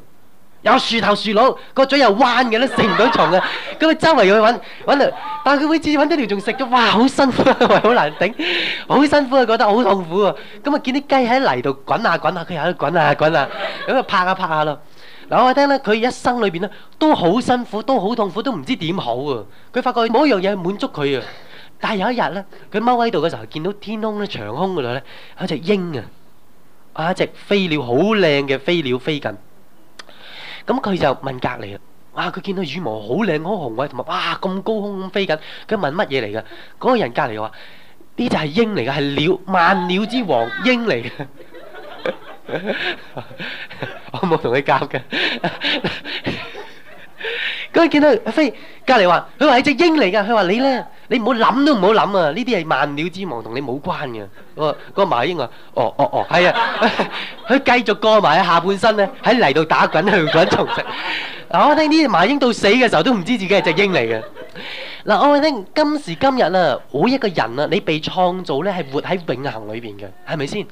有樹頭樹腦，個嘴又彎嘅咧，食唔到蟲啊！咁啊，佢周圍去揾揾啊，但係佢每次揾一條蟲食咗，哇，好辛苦，好難頂，好辛苦啊，覺得好痛苦啊！咁啊，見啲雞喺泥度滾下滾下，佢又喺度滾下滾下，咁就拍下拍下咯。嗱，我話你聽咧，佢一生裏邊咧都好辛苦，都好痛苦，都唔知點好啊！佢發覺冇一樣嘢滿足佢啊！但係有一日咧，佢踎喺度嘅時候，見到天空咧，長空嗰度咧，有一隻鷹啊，啊，一隻飛鳥，好靚嘅飛鳥飛緊。咁佢就問隔籬啊，哇！佢見到羽毛好靚，好雄偉，同埋哇，咁高空咁飛緊，佢問乜嘢嚟㗎？嗰個人隔籬話：呢隻係鷹嚟㗎，係鳥，萬鳥之王鷹嚟嘅。我冇同佢交嘅。佢見到阿飛隔離話，佢話係隻鷹嚟㗎。佢話你咧，你唔好諗都唔好諗啊！呢啲係萬鳥之王，同你冇關嘅。我話嗰個麻鷹話，哦哦哦，係、哦、啊！佢繼續過埋下半身咧，喺泥度打滾去，去滾蟲食。我聽呢麻鷹到死嘅時候都唔知自己係隻鷹嚟嘅。嗱，我話你聽，今時今日啦，每一個人啊，你被創造咧係活喺永恒裏邊嘅，係咪先？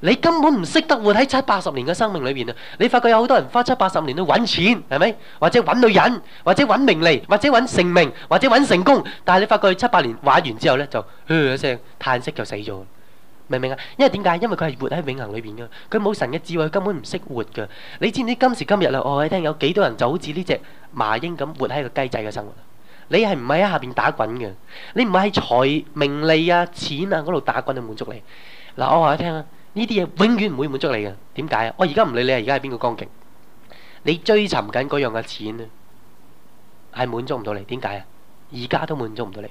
你根本唔識得活喺七八十年嘅生命裏邊啊！你發覺有好多人花七八十年去揾錢，係咪？或者揾女人，或者揾名利，或者揾成名，或者揾成功。但係你發覺七八年玩完之後咧，就噓一聲嘆息就死咗，明唔明啊？因為點解？因為佢係活喺永恒裏邊噶，佢冇神嘅智慧，根本唔識活噶。你知唔知今時今日啦？我話你聽，有幾多人就好似呢隻麻鷹咁，活喺個雞仔嘅生活？你係唔係喺下邊打滾嘅？你唔係喺財名利啊、錢啊嗰度打滾去滿足你？嗱，我話你聽啊，呢啲嘢永遠唔會滿足你嘅。點解啊？我而家唔理你係而家係邊個光景，你追尋緊嗰樣嘅錢啊，係滿足唔到你？點解啊？而家都滿足唔到你。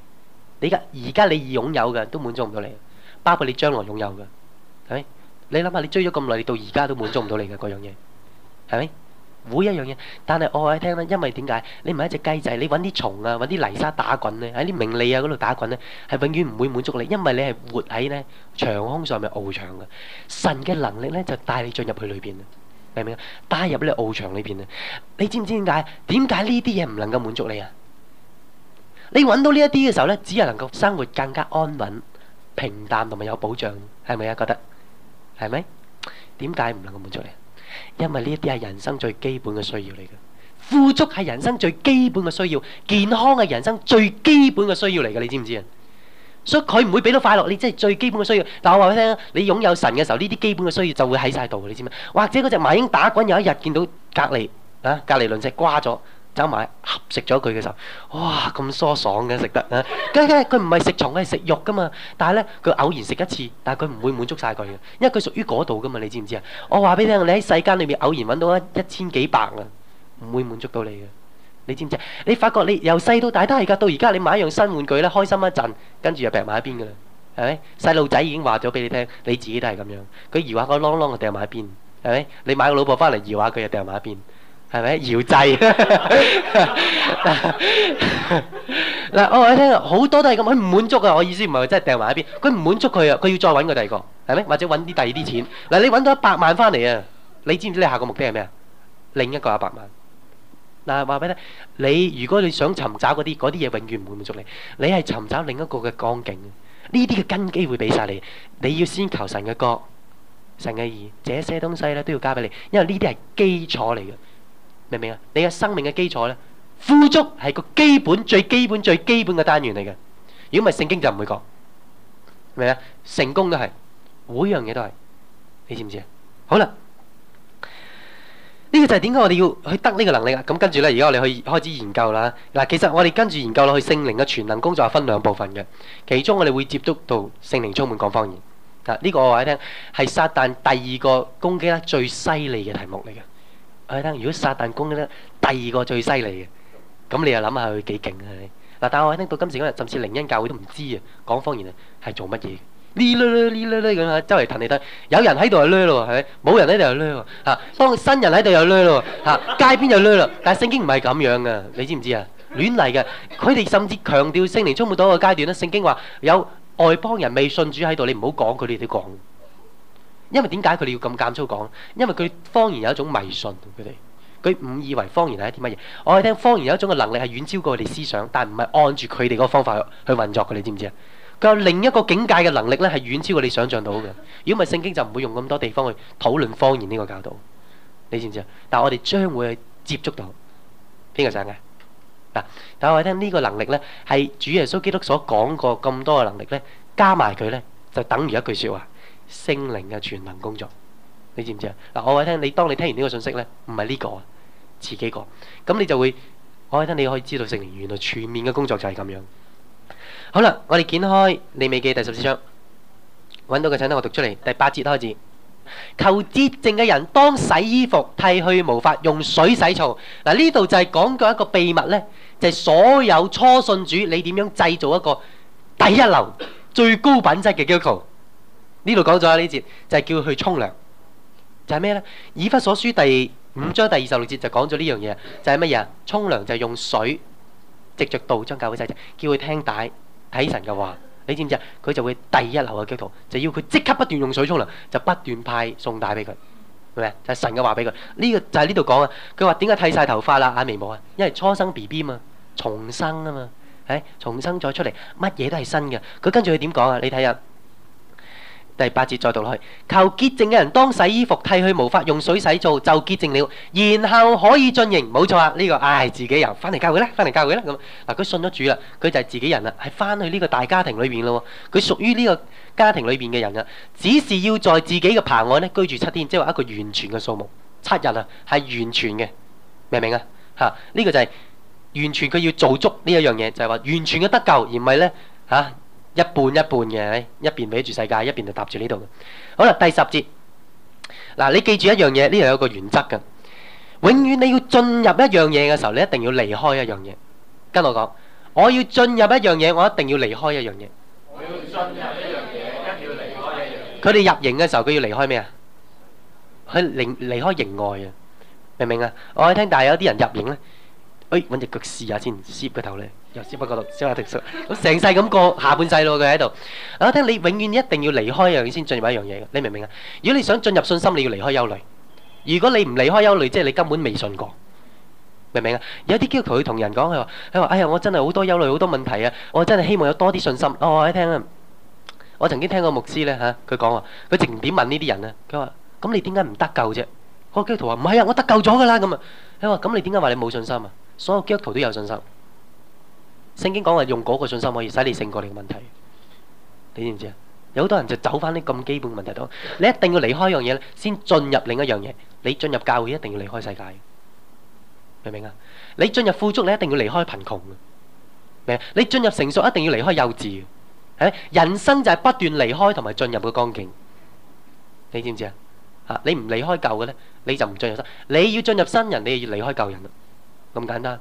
你而家你已擁有嘅都滿足唔到你，包括你將來擁有嘅係咪？你諗下，你追咗咁耐，到現在你到而家都滿足唔到你嘅嗰樣嘢，係咪？每一樣嘢，但係我喺聽咧，因為點解？你唔係一隻雞仔，你揾啲蟲啊，揾啲泥沙打滾咧，喺啲名利啊嗰度打滾咧，係永遠唔會滿足你，因為你係活喺咧長空上面翱翔嘅。神嘅能力咧就帶你進入去裏邊，明唔明啊？帶入咧翱翔裏邊咧，你知唔知點解？點解呢啲嘢唔能夠滿足你啊？你揾到呢一啲嘅時候咧，只係能夠生活更加安穩、平淡同埋有保障，係咪啊？覺得係咪？點解唔能夠滿足你？因為呢一啲係人生最基本嘅需要嚟嘅，富足係人生最基本嘅需要，健康係人生最基本嘅需要嚟嘅，你知唔知啊？所以佢唔會俾到快樂，你即係最基本嘅需要。但係我話俾你聽，你擁有神嘅時候，呢啲基本嘅需要就會喺晒度，你知唔知？或者嗰隻麻鷹打滾，有一日見到隔籬啊，隔籬兩隻瓜咗。走埋合食咗佢嘅時候，哇咁疏爽嘅食得啊！佢唔係食蟲，佢係食肉噶嘛。但係呢，佢偶然食一次，但係佢唔會滿足晒佢，因為佢屬於嗰度噶嘛。你知唔知啊？我話俾你聽，你喺世間裏面偶然揾到一千幾百啊，唔會滿足到你嘅。你知唔知？你發覺你由細到大都係㗎，到而家你買一樣新玩具呢，開心一陣，跟住又掉埋一邊噶啦，係咪？細路仔已經話咗俾你聽，你自己都係咁樣。佢搖下個啷啷，又掉埋一邊，係咪？你買個老婆翻嚟搖下，佢又掉埋一邊。係咪搖濟嗱？我話你聽好多都係咁，佢唔滿足嘅。我意思唔係話真係掟埋一邊，佢唔滿足佢啊，佢要再揾個第二個係咪？或者揾啲第二啲錢嗱？你揾到一百萬返嚟啊？你知唔知你下個目的係咩啊？另一個一百萬嗱？話俾你聽，你如果你想尋找嗰啲嗰啲嘢，永遠唔會滿足你。你係尋找另一個嘅光景，呢啲嘅根基會俾曬你。你要先求神嘅國、神嘅義，這些東西咧都要交俾你，因為呢啲係基礎嚟嘅。明唔明啊？你嘅生命嘅基礎咧，富足係個基本、最基本、最基本嘅單元嚟嘅。如果唔係聖經就唔會講，明唔明啊？成功都係，每樣嘢都係。你知唔知啊？好啦，呢個就係點解我哋要去得呢個能力啊？咁跟住咧，而家我哋去開始研究啦。嗱，其實我哋跟住研究落去，聖靈嘅全能工作係分兩部分嘅。其中我哋會接觸到聖靈充滿講方言。嗱，呢個我話你聽，係撒但第二個攻擊咧最犀利嘅題目嚟嘅。哎，睇下如果撒但攻咧，第二個最犀利嘅，咁你又諗下佢幾勁啊？嗱，但係我聽到今時今日，甚至靈恩教會都唔知啊，講方言啊，係做乜嘢？呢呢呢呢呢咁啊，周圍騰嚟騰，有人喺度又呢咯喎，係咪？冇人喺度又呢喎，嚇！當新人喺度又呢咯喎，嚇！街邊又呢咯，但係聖經唔係咁樣嘅，你知唔知啊？亂嚟嘅，佢哋甚至強調聖靈充滿到一個階段咧。聖經話有外邦人未信主喺度，你唔好講，佢哋都講。因為點解佢哋要咁簡粗講？因為佢方言有一種迷信，佢哋，佢誤以為方言係一啲乜嘢。我哋聽方言有一種嘅能力係遠超過佢哋思想，但係唔係按住佢哋嗰個方法去運作嘅，你知唔知啊？佢有另一個境界嘅能力咧，係遠超過你想象到嘅。如果唔係聖經就唔會用咁多地方去討論方言呢個教導。你知唔知啊？但係我哋將會去接觸到邊個想嘅嗱。但係我哋聽呢個能力咧，係主耶穌基督所講過咁多嘅能力咧，加埋佢咧，就等於一句說話。聖靈嘅全能工作，你知唔知啊？嗱，我話聽你，當你聽完呢個信息咧，唔係呢個，自己個，咁你就會，我話聽你，你可以知道聖靈原來全面嘅工作就係咁樣。好啦，我哋剪開利未記第十四章，揾到嘅請等我讀出嚟，第八節開始，求潔淨嘅人當洗衣服，剃去毛髮用水洗澡。嗱，呢度就係講咗一個秘密咧，就係、是、所有初信主你點樣製造一個第一流、最高品質嘅 g o s 呢度講咗啦，呢節就係叫佢去沖涼，就係咩呢？以弗所書第五章第二十六節就講咗呢樣嘢，就係乜嘢啊？沖涼就係用水藉著道將教會洗淨，叫佢聽帶睇神嘅話。你知唔知啊？佢就會第一流嘅基督徒，就要佢即刻不斷用水沖涼，就不斷派送帶俾佢，係咪？就係神嘅話俾佢。呢個就係呢度講啊。佢話點解剃晒頭髮啦，眼眉毛啊？因為初生 B B 啊嘛，重生啊嘛，誒重生再出嚟，乜嘢都係新嘅。佢跟住佢點講啊？你睇下。第八節再讀落去，求潔淨嘅人當洗衣服，剃去毛髮用水洗澡就潔淨了，然後可以進營，冇錯啊！呢、這個唉、哎、自，自己人，翻嚟教會啦，翻嚟教會啦咁。嗱，佢信咗主啦，佢就係自己人啦，係翻去呢個大家庭裏邊咯。佢屬於呢個家庭裏邊嘅人啊，只是要在自己嘅棚外咧居住七天，即係話一個完全嘅數目，七日啊，係完全嘅，明唔明啊？嚇，呢個就係完全佢要做足呢一樣嘢，就係、是、話完全嘅得救，而唔係呢。嚇、啊。一半一半嘅，一邊俾住世界，一邊就搭住呢度。好啦，第十節。嗱，你記住一樣嘢，呢度有個原則㗎。永遠你要進入一樣嘢嘅時候，你一定要離開一樣嘢。跟我講，我要進入一樣嘢，我一定要離開一樣嘢。我要進入一樣嘢，一定要離開一樣嘢。佢哋入營嘅時候，佢要離開咩啊？佢離離開營外啊，明唔明啊？我聽，但係有啲人入營咧。揾隻腳試下先，攝個頭咧又攝不過度，攝下停攝。我成世咁過下半世咯，佢喺度。我聽你永遠一定要離開樣嘢先進入一樣嘢，你明唔明啊？如果你想進入信心，你要離開憂慮。如果你唔離開憂慮，即係你根本未信過，明唔明啊？有啲基督徒同人講，佢話佢話哎呀，我真係好多憂慮，好多問題啊！我真係希望有多啲信心。我話你聽啦，我曾經聽過牧師咧嚇，佢講話佢直點問呢啲人啊，佢話咁你點解唔得救啫？嗰基督徒話唔係啊，我得救咗噶啦咁啊。佢話咁你點解話你冇信心啊？所有基督徒都有信心。聖經講話用嗰個信心可以使你勝過你嘅問題，你知唔知啊？有好多人就走翻啲咁基本嘅問題度。你一定要離開一樣嘢先進入另一樣嘢。你進入教會一定要離開世界，明唔明啊？你進入富足，你一定要離開貧窮嘅。明？你進入成熟，一定要離開幼稚嘅。誒，人生就係不斷離開同埋進入嘅光景。你知唔知啊？嚇，你唔離開舊嘅咧，你就唔進入新。你要進入新人，你又要離開舊人啦。咁簡單，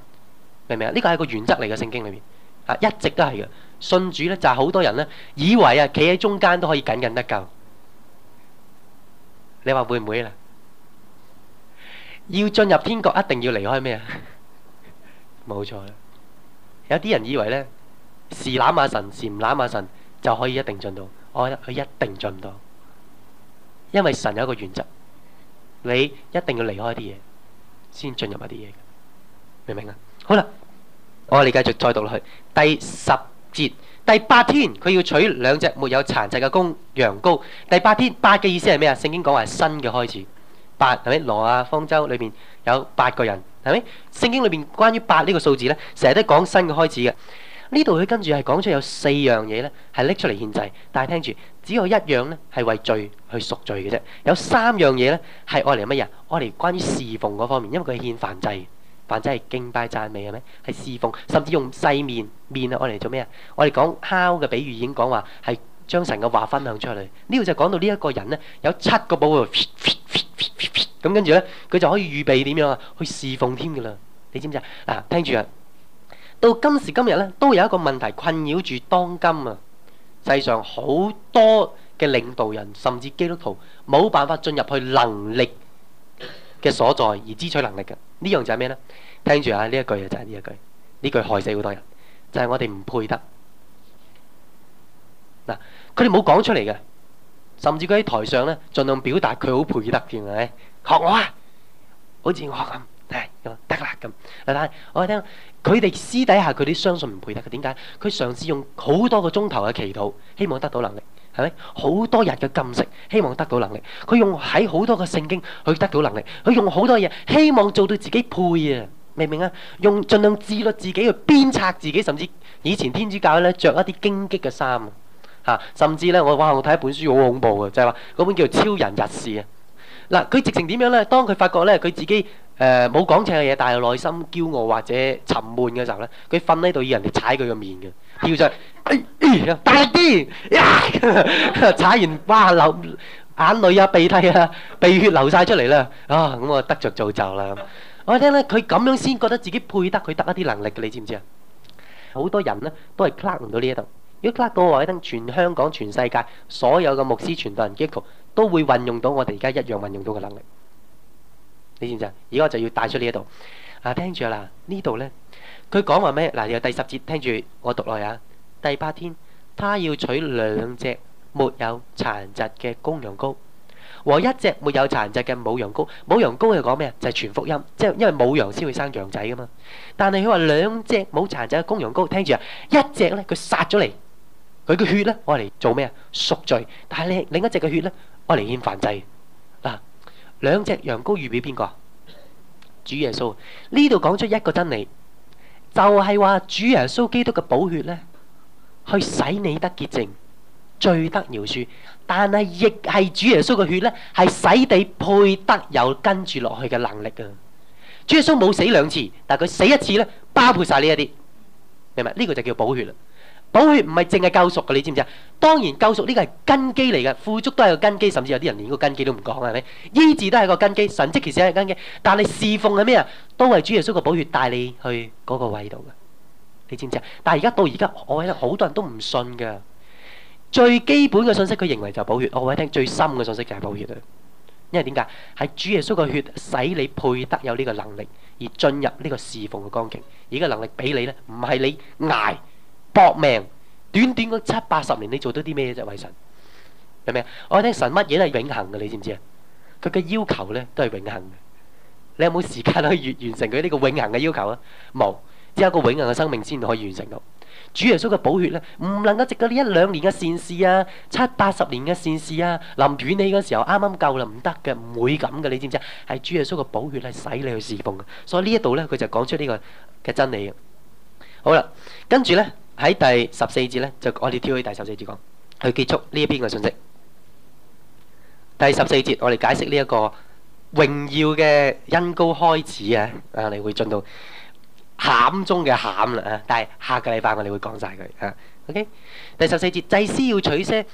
明唔明啊？呢、這個係個原則嚟嘅，聖經裏面，吓，一直都係嘅。信主咧就係、是，好多人咧以為啊，企喺中間都可以緊緊得救。你話會唔會啦？要進入天國，一定要離開咩啊？冇錯啦。有啲人以為咧，是攬下神，是唔攬下神就可以一定進到。我覺得佢一定進唔到，因為神有一個原則，你一定要離開啲嘢，先進入一啲嘢。明唔明啊？好啦，我哋繼續再讀落去第十節第八天，佢要取兩隻沒有殘疾嘅公羊羔。第八天八嘅意思係咩啊？聖經講話係新嘅開始，八係咪？挪亞方舟裏邊有八個人係咪？聖經裏邊關於八呢個數字咧，成日都講新嘅開始嘅。呢度佢跟住係講出有四樣嘢咧，係拎出嚟獻祭。但係聽住，只有一樣咧係為罪去贖罪嘅啫。有三樣嘢咧係愛嚟乜嘢啊？愛嚟關於侍奉嗰方面，因為佢獻燔祭。凡仔係敬拜讚美嘅咩？係侍奉，甚至用細面面啊！我哋做咩啊？我哋講敲嘅比喻已經講話係將神嘅話分享出嚟。呢度就講到呢一個人咧，有七個寶物，咁跟住咧，佢就可以預備點樣啊？去侍奉添嘅啦。你知唔知啊？嗱，聽住啊，到今時今日咧，都有一個問題困擾住當今啊，世上好多嘅領導人，甚至基督徒冇辦法進入去能力嘅所在而支取能力嘅。呢樣就係咩咧？聽住啊！呢一句就係呢一句，呢句害死好多人，就係我哋唔配得。嗱，佢哋冇講出嚟嘅，甚至佢喺台上咧，盡量表達佢好配得嘅，係咪？學我啊，好似我咁，係得啦咁。但係我聽佢哋私底下佢哋相信唔配得，佢點解？佢嘗試用好多個鐘頭嘅祈禱，希望得到能力。係咪好多日嘅禁食，希望得到能力？佢用喺好多個聖經去得到能力。佢用好多嘢，希望做到自己配啊！明唔明啊？用盡量自律自己去鞭策自己，甚至以前天主教咧着一啲荊棘嘅衫啊，甚至咧我哇！我睇一本書好恐怖嘅，就係話嗰本叫做《超人日事》啊。嗱，佢直情點樣咧？當佢發覺咧佢自己誒冇講清嘅嘢，但係內心驕傲或者沉悶嘅時候咧，佢瞓喺度要人哋踩佢個面嘅。跳上，哎，大啲，呀，踩完，哇，流眼淚啊，鼻涕啊，鼻血流晒出嚟啦，啊，咁我得著造就啦。我聽咧，佢咁樣先覺得自己配得，佢得一啲能力嘅，你知唔知啊？好多人咧都係 clap 唔到呢一度，如果 clap 到我，我聽全香港、全世界所有嘅牧師、傳道人、基督徒，都會運用到我哋而家一樣運用到嘅能力。你知唔知啊？而家我就要帶出呢一度。啊，聽住啦，呢度咧。佢講話咩嗱？有第十節，聽住我讀落嚟啊。第八天，他要取兩隻沒有殘疾嘅公羊羔和一隻沒有殘疾嘅母羊羔。母羊羔係講咩啊？就係全福音，即係因為母羊先會生羊仔噶嘛。但係佢話兩隻冇殘疾嘅公羊羔，聽住啊，一隻咧佢殺咗嚟，佢嘅血咧我嚟做咩啊？贖罪，但係另另一隻嘅血咧我嚟獻燔祭嗱。兩隻羊羔預表邊個？主耶穌，呢度講出一個真理。就係話主耶穌基督嘅寶血咧，去洗你得潔淨，罪得饒恕。但係亦係主耶穌嘅血咧，係使你配得有跟住落去嘅能力啊！主耶穌冇死兩次，但係佢死一次咧，包括晒呢一啲。明唔明？呢、呢個就叫寶血啦。補血唔係淨係救贖嘅，你知唔知啊？當然救贖呢個係根基嚟嘅，富足都係個根基，甚至有啲人連個根基都唔講係咪？醫治都係個根基，神跡其實係根基。但係侍奉係咩啊？都係主耶穌嘅寶血帶你去嗰個位度嘅，你知唔知啊？但係而家到而家，我話俾你聽，好多人都唔信嘅。最基本嘅信息佢認為就寶血，我話俾你聽最深嘅信息就係寶血啊！因為點解？係主耶穌嘅血使你配得有呢個能力而進入呢個侍奉嘅光景，而個能力俾你咧，唔係你捱。搏命短短七八十年，你做到啲咩啫？為神明唔明啊？我聽神乜嘢都係永恒嘅，你知唔知啊？佢嘅要求咧都係永恒嘅。你有冇時間去完完成佢呢個永恒嘅要求啊？冇，只有個永恒嘅生命先可以完成到。主耶穌嘅寶血咧唔能夠值得呢一兩年嘅善事啊，七八十年嘅善事啊，臨斷你嗰時候啱啱夠啦，唔得嘅，唔會咁嘅。你知唔知啊？係主耶穌嘅寶血係使你去侍奉嘅，所以呢一度咧佢就講出呢個嘅真理。好啦，跟住咧。喺第十四節咧，就我哋跳起第十四節講，去結束呢一篇嘅信息。第十四節，我哋解釋呢一個榮耀嘅恩膏開始啊！啊，你會進到險中嘅險啦啊！但係下個禮拜我哋會講晒佢啊。O.K. 第十四節，祭司要取些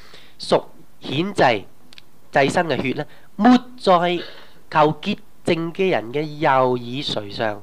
贖愆祭祭牲嘅血啦，抹在求潔淨嘅人嘅右耳垂上。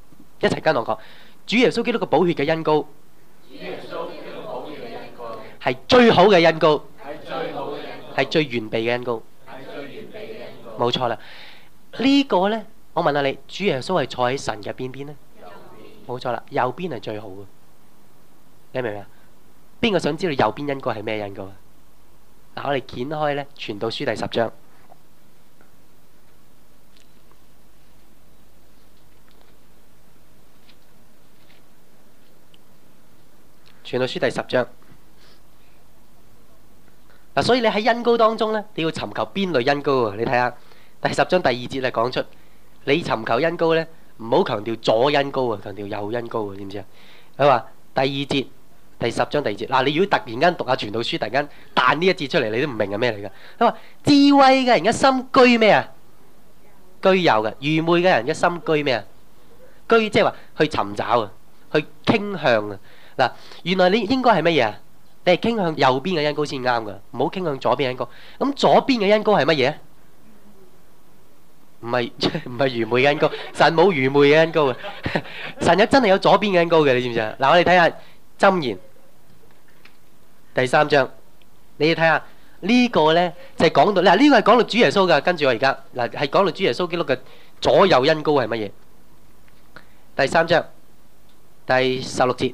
一齊跟我講，主耶穌基督嘅寶血嘅恩膏，主耶穌基督寶血嘅恩膏係最好嘅恩膏，係最好嘅恩膏係最完備嘅恩膏，係最完備嘅恩膏。冇錯啦，錯這個、呢個咧，我問下你，主耶穌係坐喺神嘅邊邊咧？冇錯啦，右邊係最好嘅，你明唔明啊？邊個想知道右邊恩膏係咩恩膏？嗱，我哋掀開咧，傳道書第十章。《傳道書》第十章嗱，所以你喺恩高當中咧，你要尋求邊類恩高啊？你睇下第十章第二節咧講出，你尋求恩高咧，唔好強調左恩高啊，強調右恩高啊，知唔知啊？佢話第二節第十章第二節嗱，你如果突然間讀下《傳道書》，突然間彈呢一節出嚟，你都唔明係咩嚟噶？佢話智慧嘅人一心居咩啊？居右嘅，愚昧嘅人一心居咩啊？居即係話去尋找啊，去傾向啊。原來你應該係乜嘢？你係傾向右邊嘅恩膏先啱噶，唔好傾向左邊恩膏。咁左邊嘅恩膏係乜嘢？唔係唔係愚昧嘅恩膏，神冇愚昧嘅恩膏嘅，神有真係有左邊嘅恩膏嘅，你知唔知啊？嗱，我哋睇下箴言第三章，你要睇下呢個咧就係講到嗱，呢個係講到主耶穌噶，跟住我而家嗱係講到主耶穌基督嘅左右恩膏係乜嘢？第三章第十六節。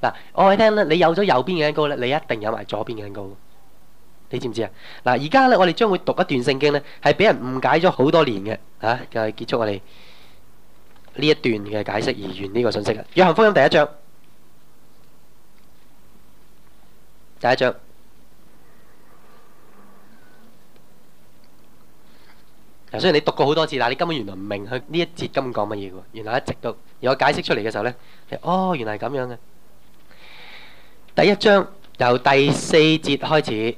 嗱、啊，我話聽咧，你有咗右邊嘅恩膏咧，你一定有埋左邊嘅恩膏。你知唔知啊？嗱，而家咧，我哋將會讀一段聖經咧，係俾人誤解咗好多年嘅吓、啊。就係結束我哋呢一段嘅解釋而完呢個信息啦。約翰福音第一章，第一章。雖然你讀過好多次，但係你根本原來唔明佢呢一節根本講乜嘢嘅。原來一直到有我解釋出嚟嘅時候咧，哦，原來係咁樣嘅。第一章由第四節開始，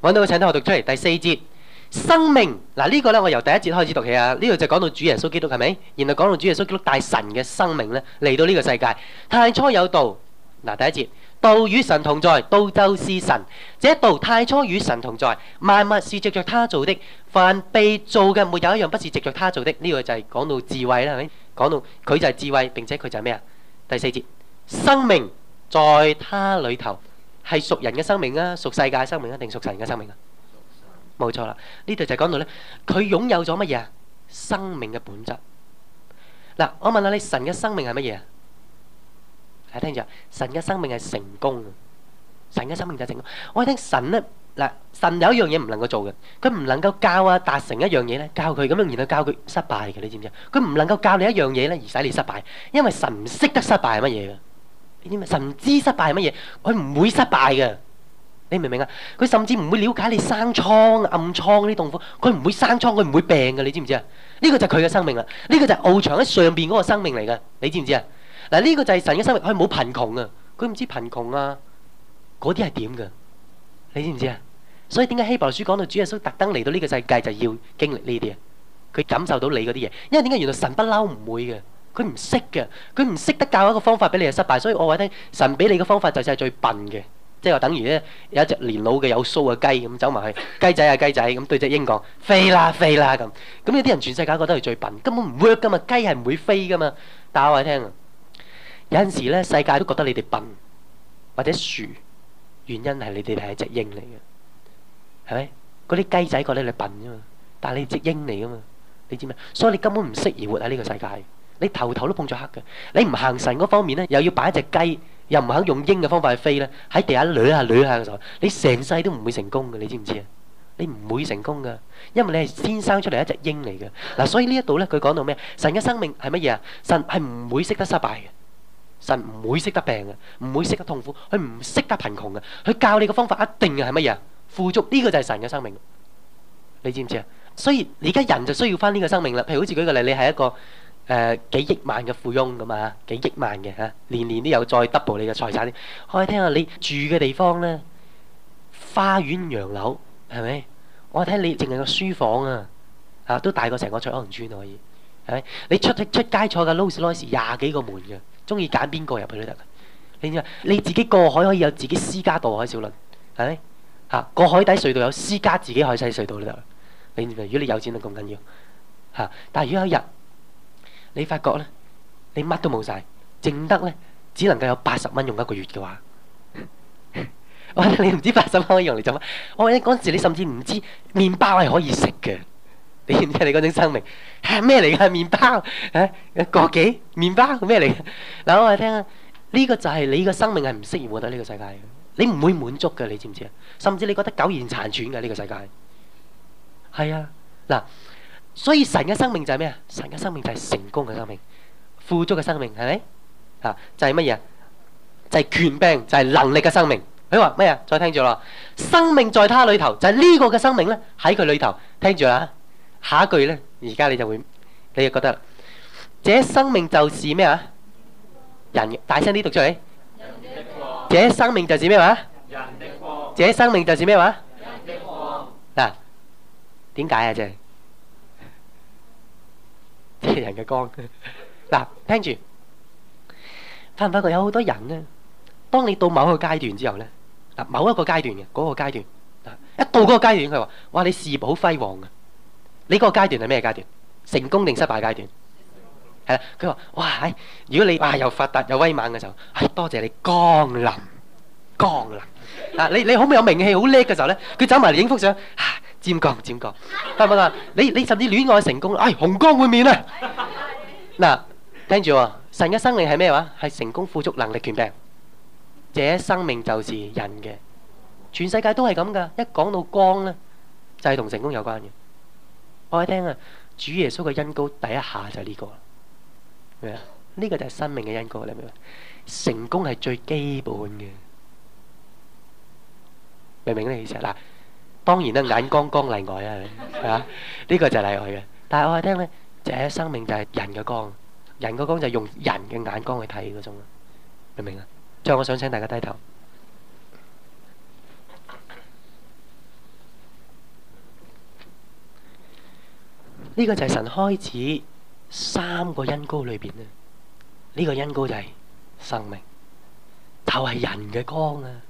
揾到個請聽我讀出嚟。第四節生命嗱呢，呢個呢，我由第一節開始讀起啊。呢度就講到主耶穌基督係咪？然後講到主耶穌基督帶神嘅生命呢，嚟到呢個世界。太初有道嗱，第一節，道與神同在，道就是神。這道太初與神同在，萬物是藉著他做的，凡被做嘅沒有一樣不是藉著他做的。呢個就係講到智慧啦，係咪？講到佢就係智慧，並且佢就係咩啊？第四節生命。在他裏頭係屬人嘅生命啊，屬世界嘅生命啊，定屬神嘅生命啊？冇錯啦，呢度就講到咧，佢擁有咗乜嘢？生命嘅本質。嗱，我問下你，神嘅生命係乜嘢啊？大家聽住啊，神嘅生命係成功嘅，神嘅生命就係成功。我聽神咧，嗱，神有一樣嘢唔能夠做嘅，佢唔能夠教啊達成一樣嘢咧，教佢咁樣，然後教佢失敗嘅，你知唔知啊？佢唔能夠教你一樣嘢咧而使你失敗，因為神唔識得失敗係乜嘢嘅。呢啲咪神知失敗係乜嘢？佢唔會失敗嘅，你明唔明啊？佢甚至唔會瞭解你生瘡、暗瘡嗰啲痛苦，佢唔會生瘡，佢唔會病嘅，你知唔知啊？呢個就係佢嘅生命啦，呢個就係翱翔喺上邊嗰個生命嚟嘅，你知唔知啊？嗱，呢個就係神嘅生命，佢冇貧窮啊，佢唔知貧窮啊，嗰啲係點嘅？你知唔知啊？所以點解希伯來書講到主耶穌特登嚟到呢個世界就要經歷呢啲啊？佢感受到你嗰啲嘢，因為點解原來神不嬲唔會嘅。佢唔識嘅，佢唔識得教一個方法俾你係失敗，所以我話你聽神俾你嘅方法就係最笨嘅，即係話等於咧有一隻年老嘅有鬚嘅雞咁走埋去，雞仔啊雞仔，咁對隻鷹講，飛啦飛啦咁。咁有啲人全世界覺得佢最笨，根本唔 work 噶嘛，雞係唔會飛噶嘛。但我話你聽啊，有陣時咧世界都覺得你哋笨或者懶，原因係你哋係一隻鷹嚟嘅，係咪嗰啲雞仔覺得你笨啫嘛？但係你係隻鷹嚟噶嘛？你知咩？所以你根本唔適宜活喺呢個世界。你頭頭都碰咗黑嘅，你唔行神嗰方面咧，又要擺一隻雞，又唔肯用鷹嘅方法去飛咧，喺地下掠下掠下嘅時候，你成世都唔會成功嘅，你知唔知啊？你唔會成功嘅，因為你係天生出嚟一隻鷹嚟嘅嗱，所以呢一度咧，佢講到咩？神嘅生命係乜嘢啊？神係唔會識得失敗嘅，神唔會識得病嘅，唔會識得痛苦，佢唔識得貧窮嘅，佢教你嘅方法一定嘅係乜嘢啊？富足呢個就係神嘅生命，你知唔知啊？所以你而家人就需要翻呢個生命啦。譬如好似舉個例，你係一個。誒、呃、幾億萬嘅富翁咁啊，幾億萬嘅嚇、啊，年年都有再 double 你嘅財產。可以聽下你住嘅地方咧，花園洋樓係咪？我睇你淨係個書房啊，嚇、啊、都大過成個翠安村可以，係咪？你出出街坐嘅 lunch lunch 廿幾個門嘅，中意揀邊個入去都得。你知你自己過海可以有自己私家渡海小輪，係咪？嚇、啊，過海底隧道有私家自己海西隧道都得。如果你有錢就咁緊要，嚇、啊。但係如果有一日，你發覺咧，你乜都冇晒，淨得咧只能夠有八十蚊用一個月嘅話，我 話你唔知八十蚊可以用嚟做乜？我話你嗰陣時你甚至唔知麵包係可以食嘅，你知唔知？你嗰種生命咩嚟？係麵包嚇過幾麵包咩嚟？嘅？嗱我話你聽啊，呢、呢個就係你嘅生命係唔適宜活喺呢個世界嘅，你唔會滿足嘅，你知唔知啊？甚至你覺得苟延殘喘嘅呢個世界的，係啊嗱。所以神嘅生命就係咩啊？神嘅生命就係成功嘅生命，富足嘅生命，係咪啊？就係乜嘢？就係權柄，就係能力嘅生命。佢話咩啊？再聽住咯。生命在他裏頭，就係呢個嘅生命咧喺佢裏頭。聽住啦，下一句咧，而家你就會，你就覺得，這生命就是咩啊？人，大聲啲讀出嚟。人的光。這生命就是咩話？人的光。這生命就是咩話？人的光。嗱，點解啊？即係。人嘅光，嗱，聽住，發唔發覺有好多人咧？當你到某一個階段之後咧，嗱，某一個階段嘅、嗰嗰個階段，一到嗰個階段，佢話：，哇，你事業好輝煌啊！你嗰個階段係咩階段？成功定失敗階段？係啦，佢話：，哇，哎，如果你哇又發達又威猛嘅時候，哎，多謝你光臨，光臨。嗱，啊，你你好唔有名氣好叻嘅時候咧，佢走埋嚟影幅相。啊尖角，尖角，係咪啊？你你甚至戀愛成功，哎，紅光會面啊！嗱，聽住喎，神嘅生命係咩話？係成功、富足、能力、權柄，這生命就是人嘅，全世界都係咁噶。一講到光咧，就係同成功有關嘅。我哋聽啊，主耶穌嘅恩膏第一下就係呢個，明啊？呢個就係生命嘅恩膏，你明唔明啊？成功係最基本嘅，明唔明呢意思啦？當然啦，眼光光例外啊，係嘛？呢個就係例外嘅。但係我係聽咧，即係生命就係人嘅光，人嘅光就係用人嘅眼光去睇嗰種，明唔明啊？最後我想請大家低頭，呢個就係神開始三個恩膏裏邊啊，呢個恩膏就係生命，就係人嘅光啊，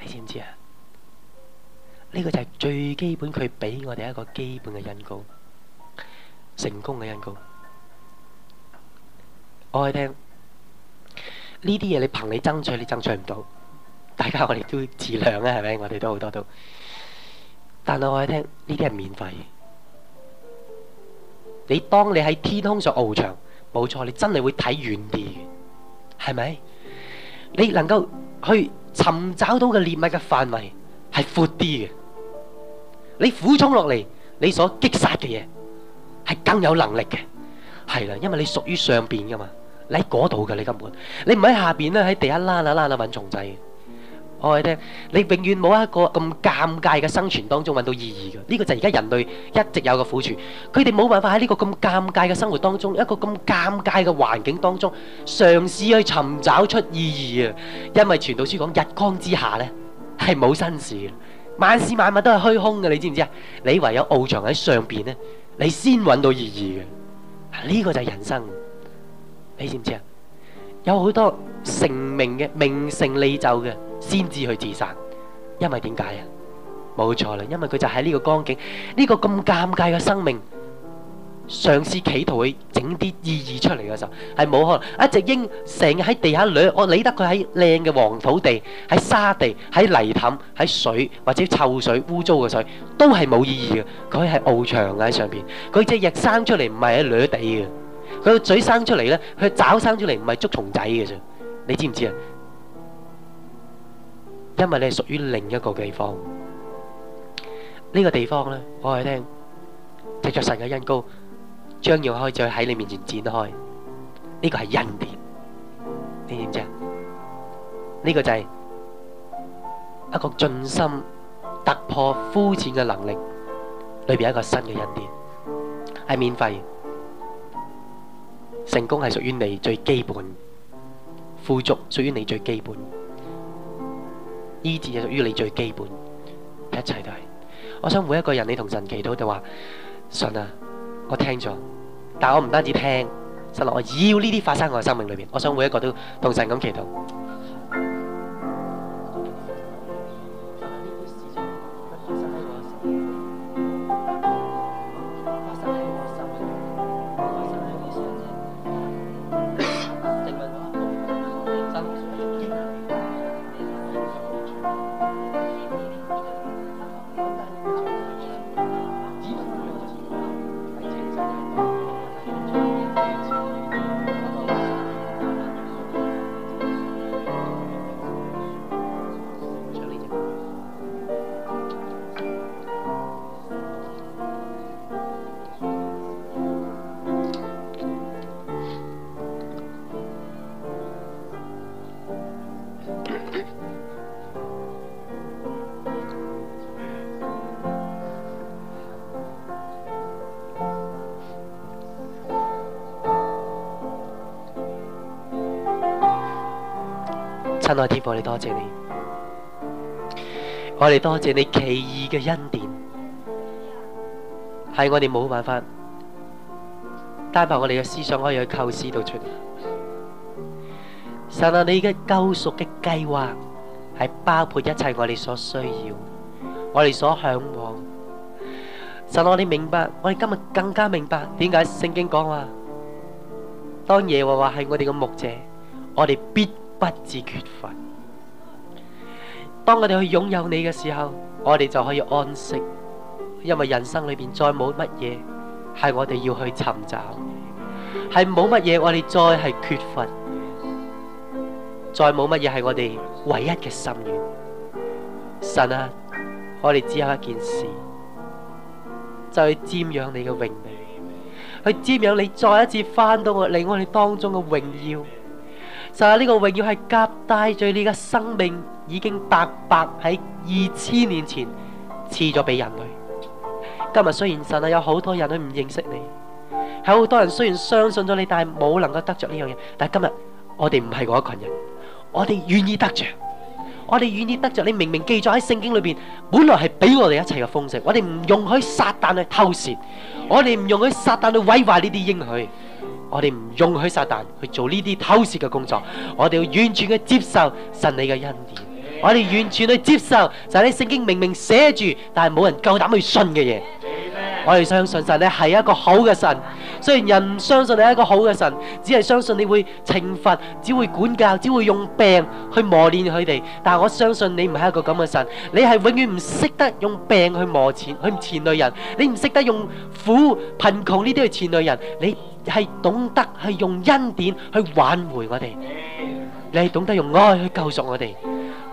你知唔知啊？呢個就係最基本，佢俾我哋一個基本嘅恩膏，成功嘅恩膏。我係聽呢啲嘢，你憑你爭取，你爭取唔到。大家我哋都自量啊，係咪？我哋都好多都。但係我係聽呢啲係免費嘅。你當你喺天空上翱翔，冇錯，你真係會睇遠啲嘅，係咪？你能夠去尋找到嘅獵物嘅範圍係闊啲嘅。你俯衝落嚟，你所擊殺嘅嘢係更有能力嘅，係啦，因為你屬於上邊噶嘛，你喺嗰度噶，你根本你唔喺下邊咧，喺地下啦啦啦搵蟲仔。我哋聽，你永遠冇一個咁尷尬嘅生存當中揾到意義嘅，呢個就係而家人類一直有個苦處。佢哋冇辦法喺呢個咁尷尬嘅生活當中，一個咁尷尬嘅環境當中，嘗試去尋找出意義啊！因為《傳道書》講日光之下咧，係冇新事。萬事萬物都係虛空嘅，你知唔知啊？你唯有翱翔喺上邊咧，你先搵到意義嘅。呢個就係人生，你知唔知啊？有好多成名嘅名成利就嘅，先至去自殺，因為點解啊？冇錯啦，因為佢就喺呢個光景，呢個咁尷尬嘅生命。上司企圖去整啲意義出嚟嘅時候，係冇可能。一隻鷹成日喺地下掠，我理得佢喺靚嘅黃土地、喺沙地、喺泥氹、喺水或者臭水污糟嘅水，都係冇意義嘅。佢係翱翔喺上面，佢隻翼生出嚟唔係喺掠地嘅，佢個嘴生出嚟咧，佢爪生出嚟唔係捉蟲仔嘅啫。你知唔知啊？因為你係屬於另一個地方，呢個地方咧，我係聽藉著神嘅恩膏。將要開始喺你面前展開，呢、這個係恩典，你點知啊？呢、這個就係一個盡心突破膚淺嘅能力裏邊一個新嘅恩典，係免費。成功係屬於你最基本，富足屬於你最基本，醫治係屬於你最基本，一切都係。我想每一個人你同神祈禱就話，信啊！我聽咗，但我唔單止聽，實落我要呢啲發生我嘅生命裏面。我想每一個都同神咁祈禱。多謝天父，你多謝你，我哋多謝你奇異嘅恩典，係我哋冇辦法單憑我哋嘅思想可以去構思到出嚟。神啊，你嘅救贖嘅計劃係包括一切我哋所需要，我哋所向往。神啊，我哋明白，我哋今日更加明白點解聖經講話，當耶和華係我哋嘅牧者，我哋必。不致缺乏。當我哋去擁有你嘅時候，我哋就可以安息，因為人生裏邊再冇乜嘢係我哋要去尋找，係冇乜嘢我哋再係缺乏，再冇乜嘢係我哋唯一嘅心願。神啊，我哋只有一件事，就去瞻仰你嘅榮美，去瞻仰你再一次翻到我嚟我哋當中嘅榮耀。就係呢個榮耀係夾帶住你嘅生命，已經白白喺二千年前賜咗俾人類。今日雖然神啊，有好多人佢唔認識你，有好多人雖然相信咗你，但係冇能夠得着呢樣嘢。但係今日我哋唔係嗰一群人，我哋願意得着，我哋願意得着。你明明記咗喺聖經裏邊，本來係俾我哋一切嘅豐盛，我哋唔容許撒旦去偷竊，我哋唔容許撒旦去毀壞呢啲應許。我哋唔容許撒旦去做呢啲偷竊嘅工作，我哋要完全去接受神你嘅恩典，我哋完全去接受就係你聖經明明寫住，但係冇人夠膽去信嘅嘢。我哋相信神你係一個好嘅神，雖然人唔相信你係一個好嘅神，只係相信你會懲罰，只會管教，只會用病去磨練佢哋。但係我相信你唔係一個咁嘅神，你係永遠唔識得用病去磨錢去錢累人，你唔識得用苦貧窮呢啲去錢累人，你。係懂得係用恩典去挽回我哋，你係懂得用愛去救贖我哋。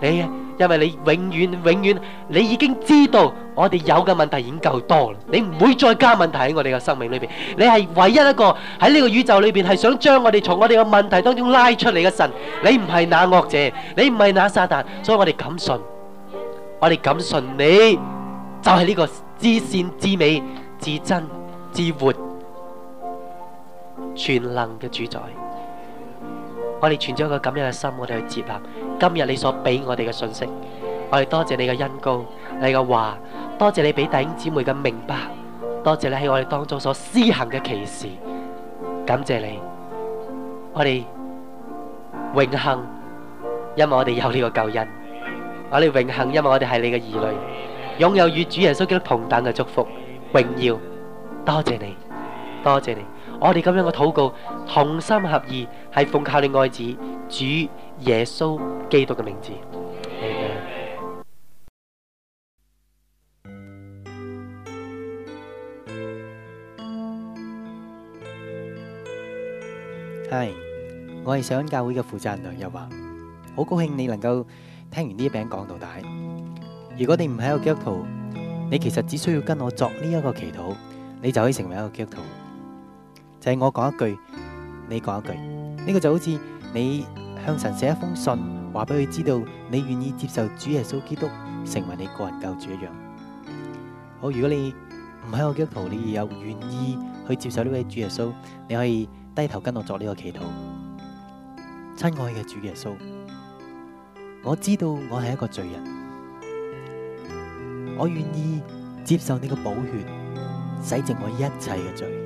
你因為你永遠永遠，你已經知道我哋有嘅問題已經夠多啦，你唔會再加問題喺我哋嘅生命裏邊。你係唯一一個喺呢個宇宙裏邊係想將我哋從我哋嘅問題當中拉出嚟嘅神。你唔係那惡者，你唔係那撒旦，所以我哋敢信，我哋敢信你就係呢個至善至美、至真至活。全能嘅主宰，我哋存咗一個咁樣嘅心，我哋去接納今日你所俾我哋嘅信息。我哋多謝你嘅恩膏，你嘅話，多謝你俾弟兄姊妹嘅明白，多謝你喺我哋當中所施行嘅奇事。感謝你，我哋榮幸，因為我哋有呢個救恩。我哋榮幸，因為我哋係你嘅兒女，擁有與主耶穌基督同等嘅祝福。榮耀，多謝你，多謝你。我哋咁樣嘅禱告，同心合意，係奉靠你愛子主耶穌基督嘅名字。係，我係上教會嘅負責人梁日華，好高興你能夠聽完呢一篇講道。如果你唔係一個基督徒，你其實只需要跟我作呢一個祈禱，你就可以成為一個基督徒。係我講一句，你講一句，呢個就好似你向神寫一封信，話俾佢知道你願意接受主耶穌基督成為你個人救主一樣。好，如果你唔喺我基督徒，你有願意去接受呢位主耶穌，你可以低頭跟我作呢個祈禱。親愛嘅主耶穌，我知道我係一個罪人，我願意接受你嘅寶血洗淨我一切嘅罪。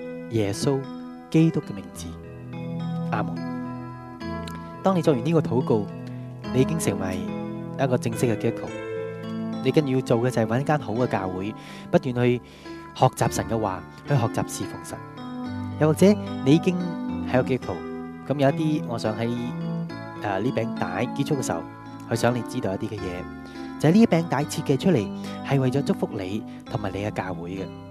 耶穌基督嘅名字，阿門。當你做完呢個禱告，你已經成為一個正式嘅基督徒。你跟住要做嘅就係揾一間好嘅教會，不斷去學習神嘅話，去學習侍奉神。又或者你已經喺個基督徒，咁有一啲，我想喺誒呢餅帶結束嘅時候，去想你知道一啲嘅嘢，就係呢餅帶設計出嚟係為咗祝福你同埋你嘅教會嘅。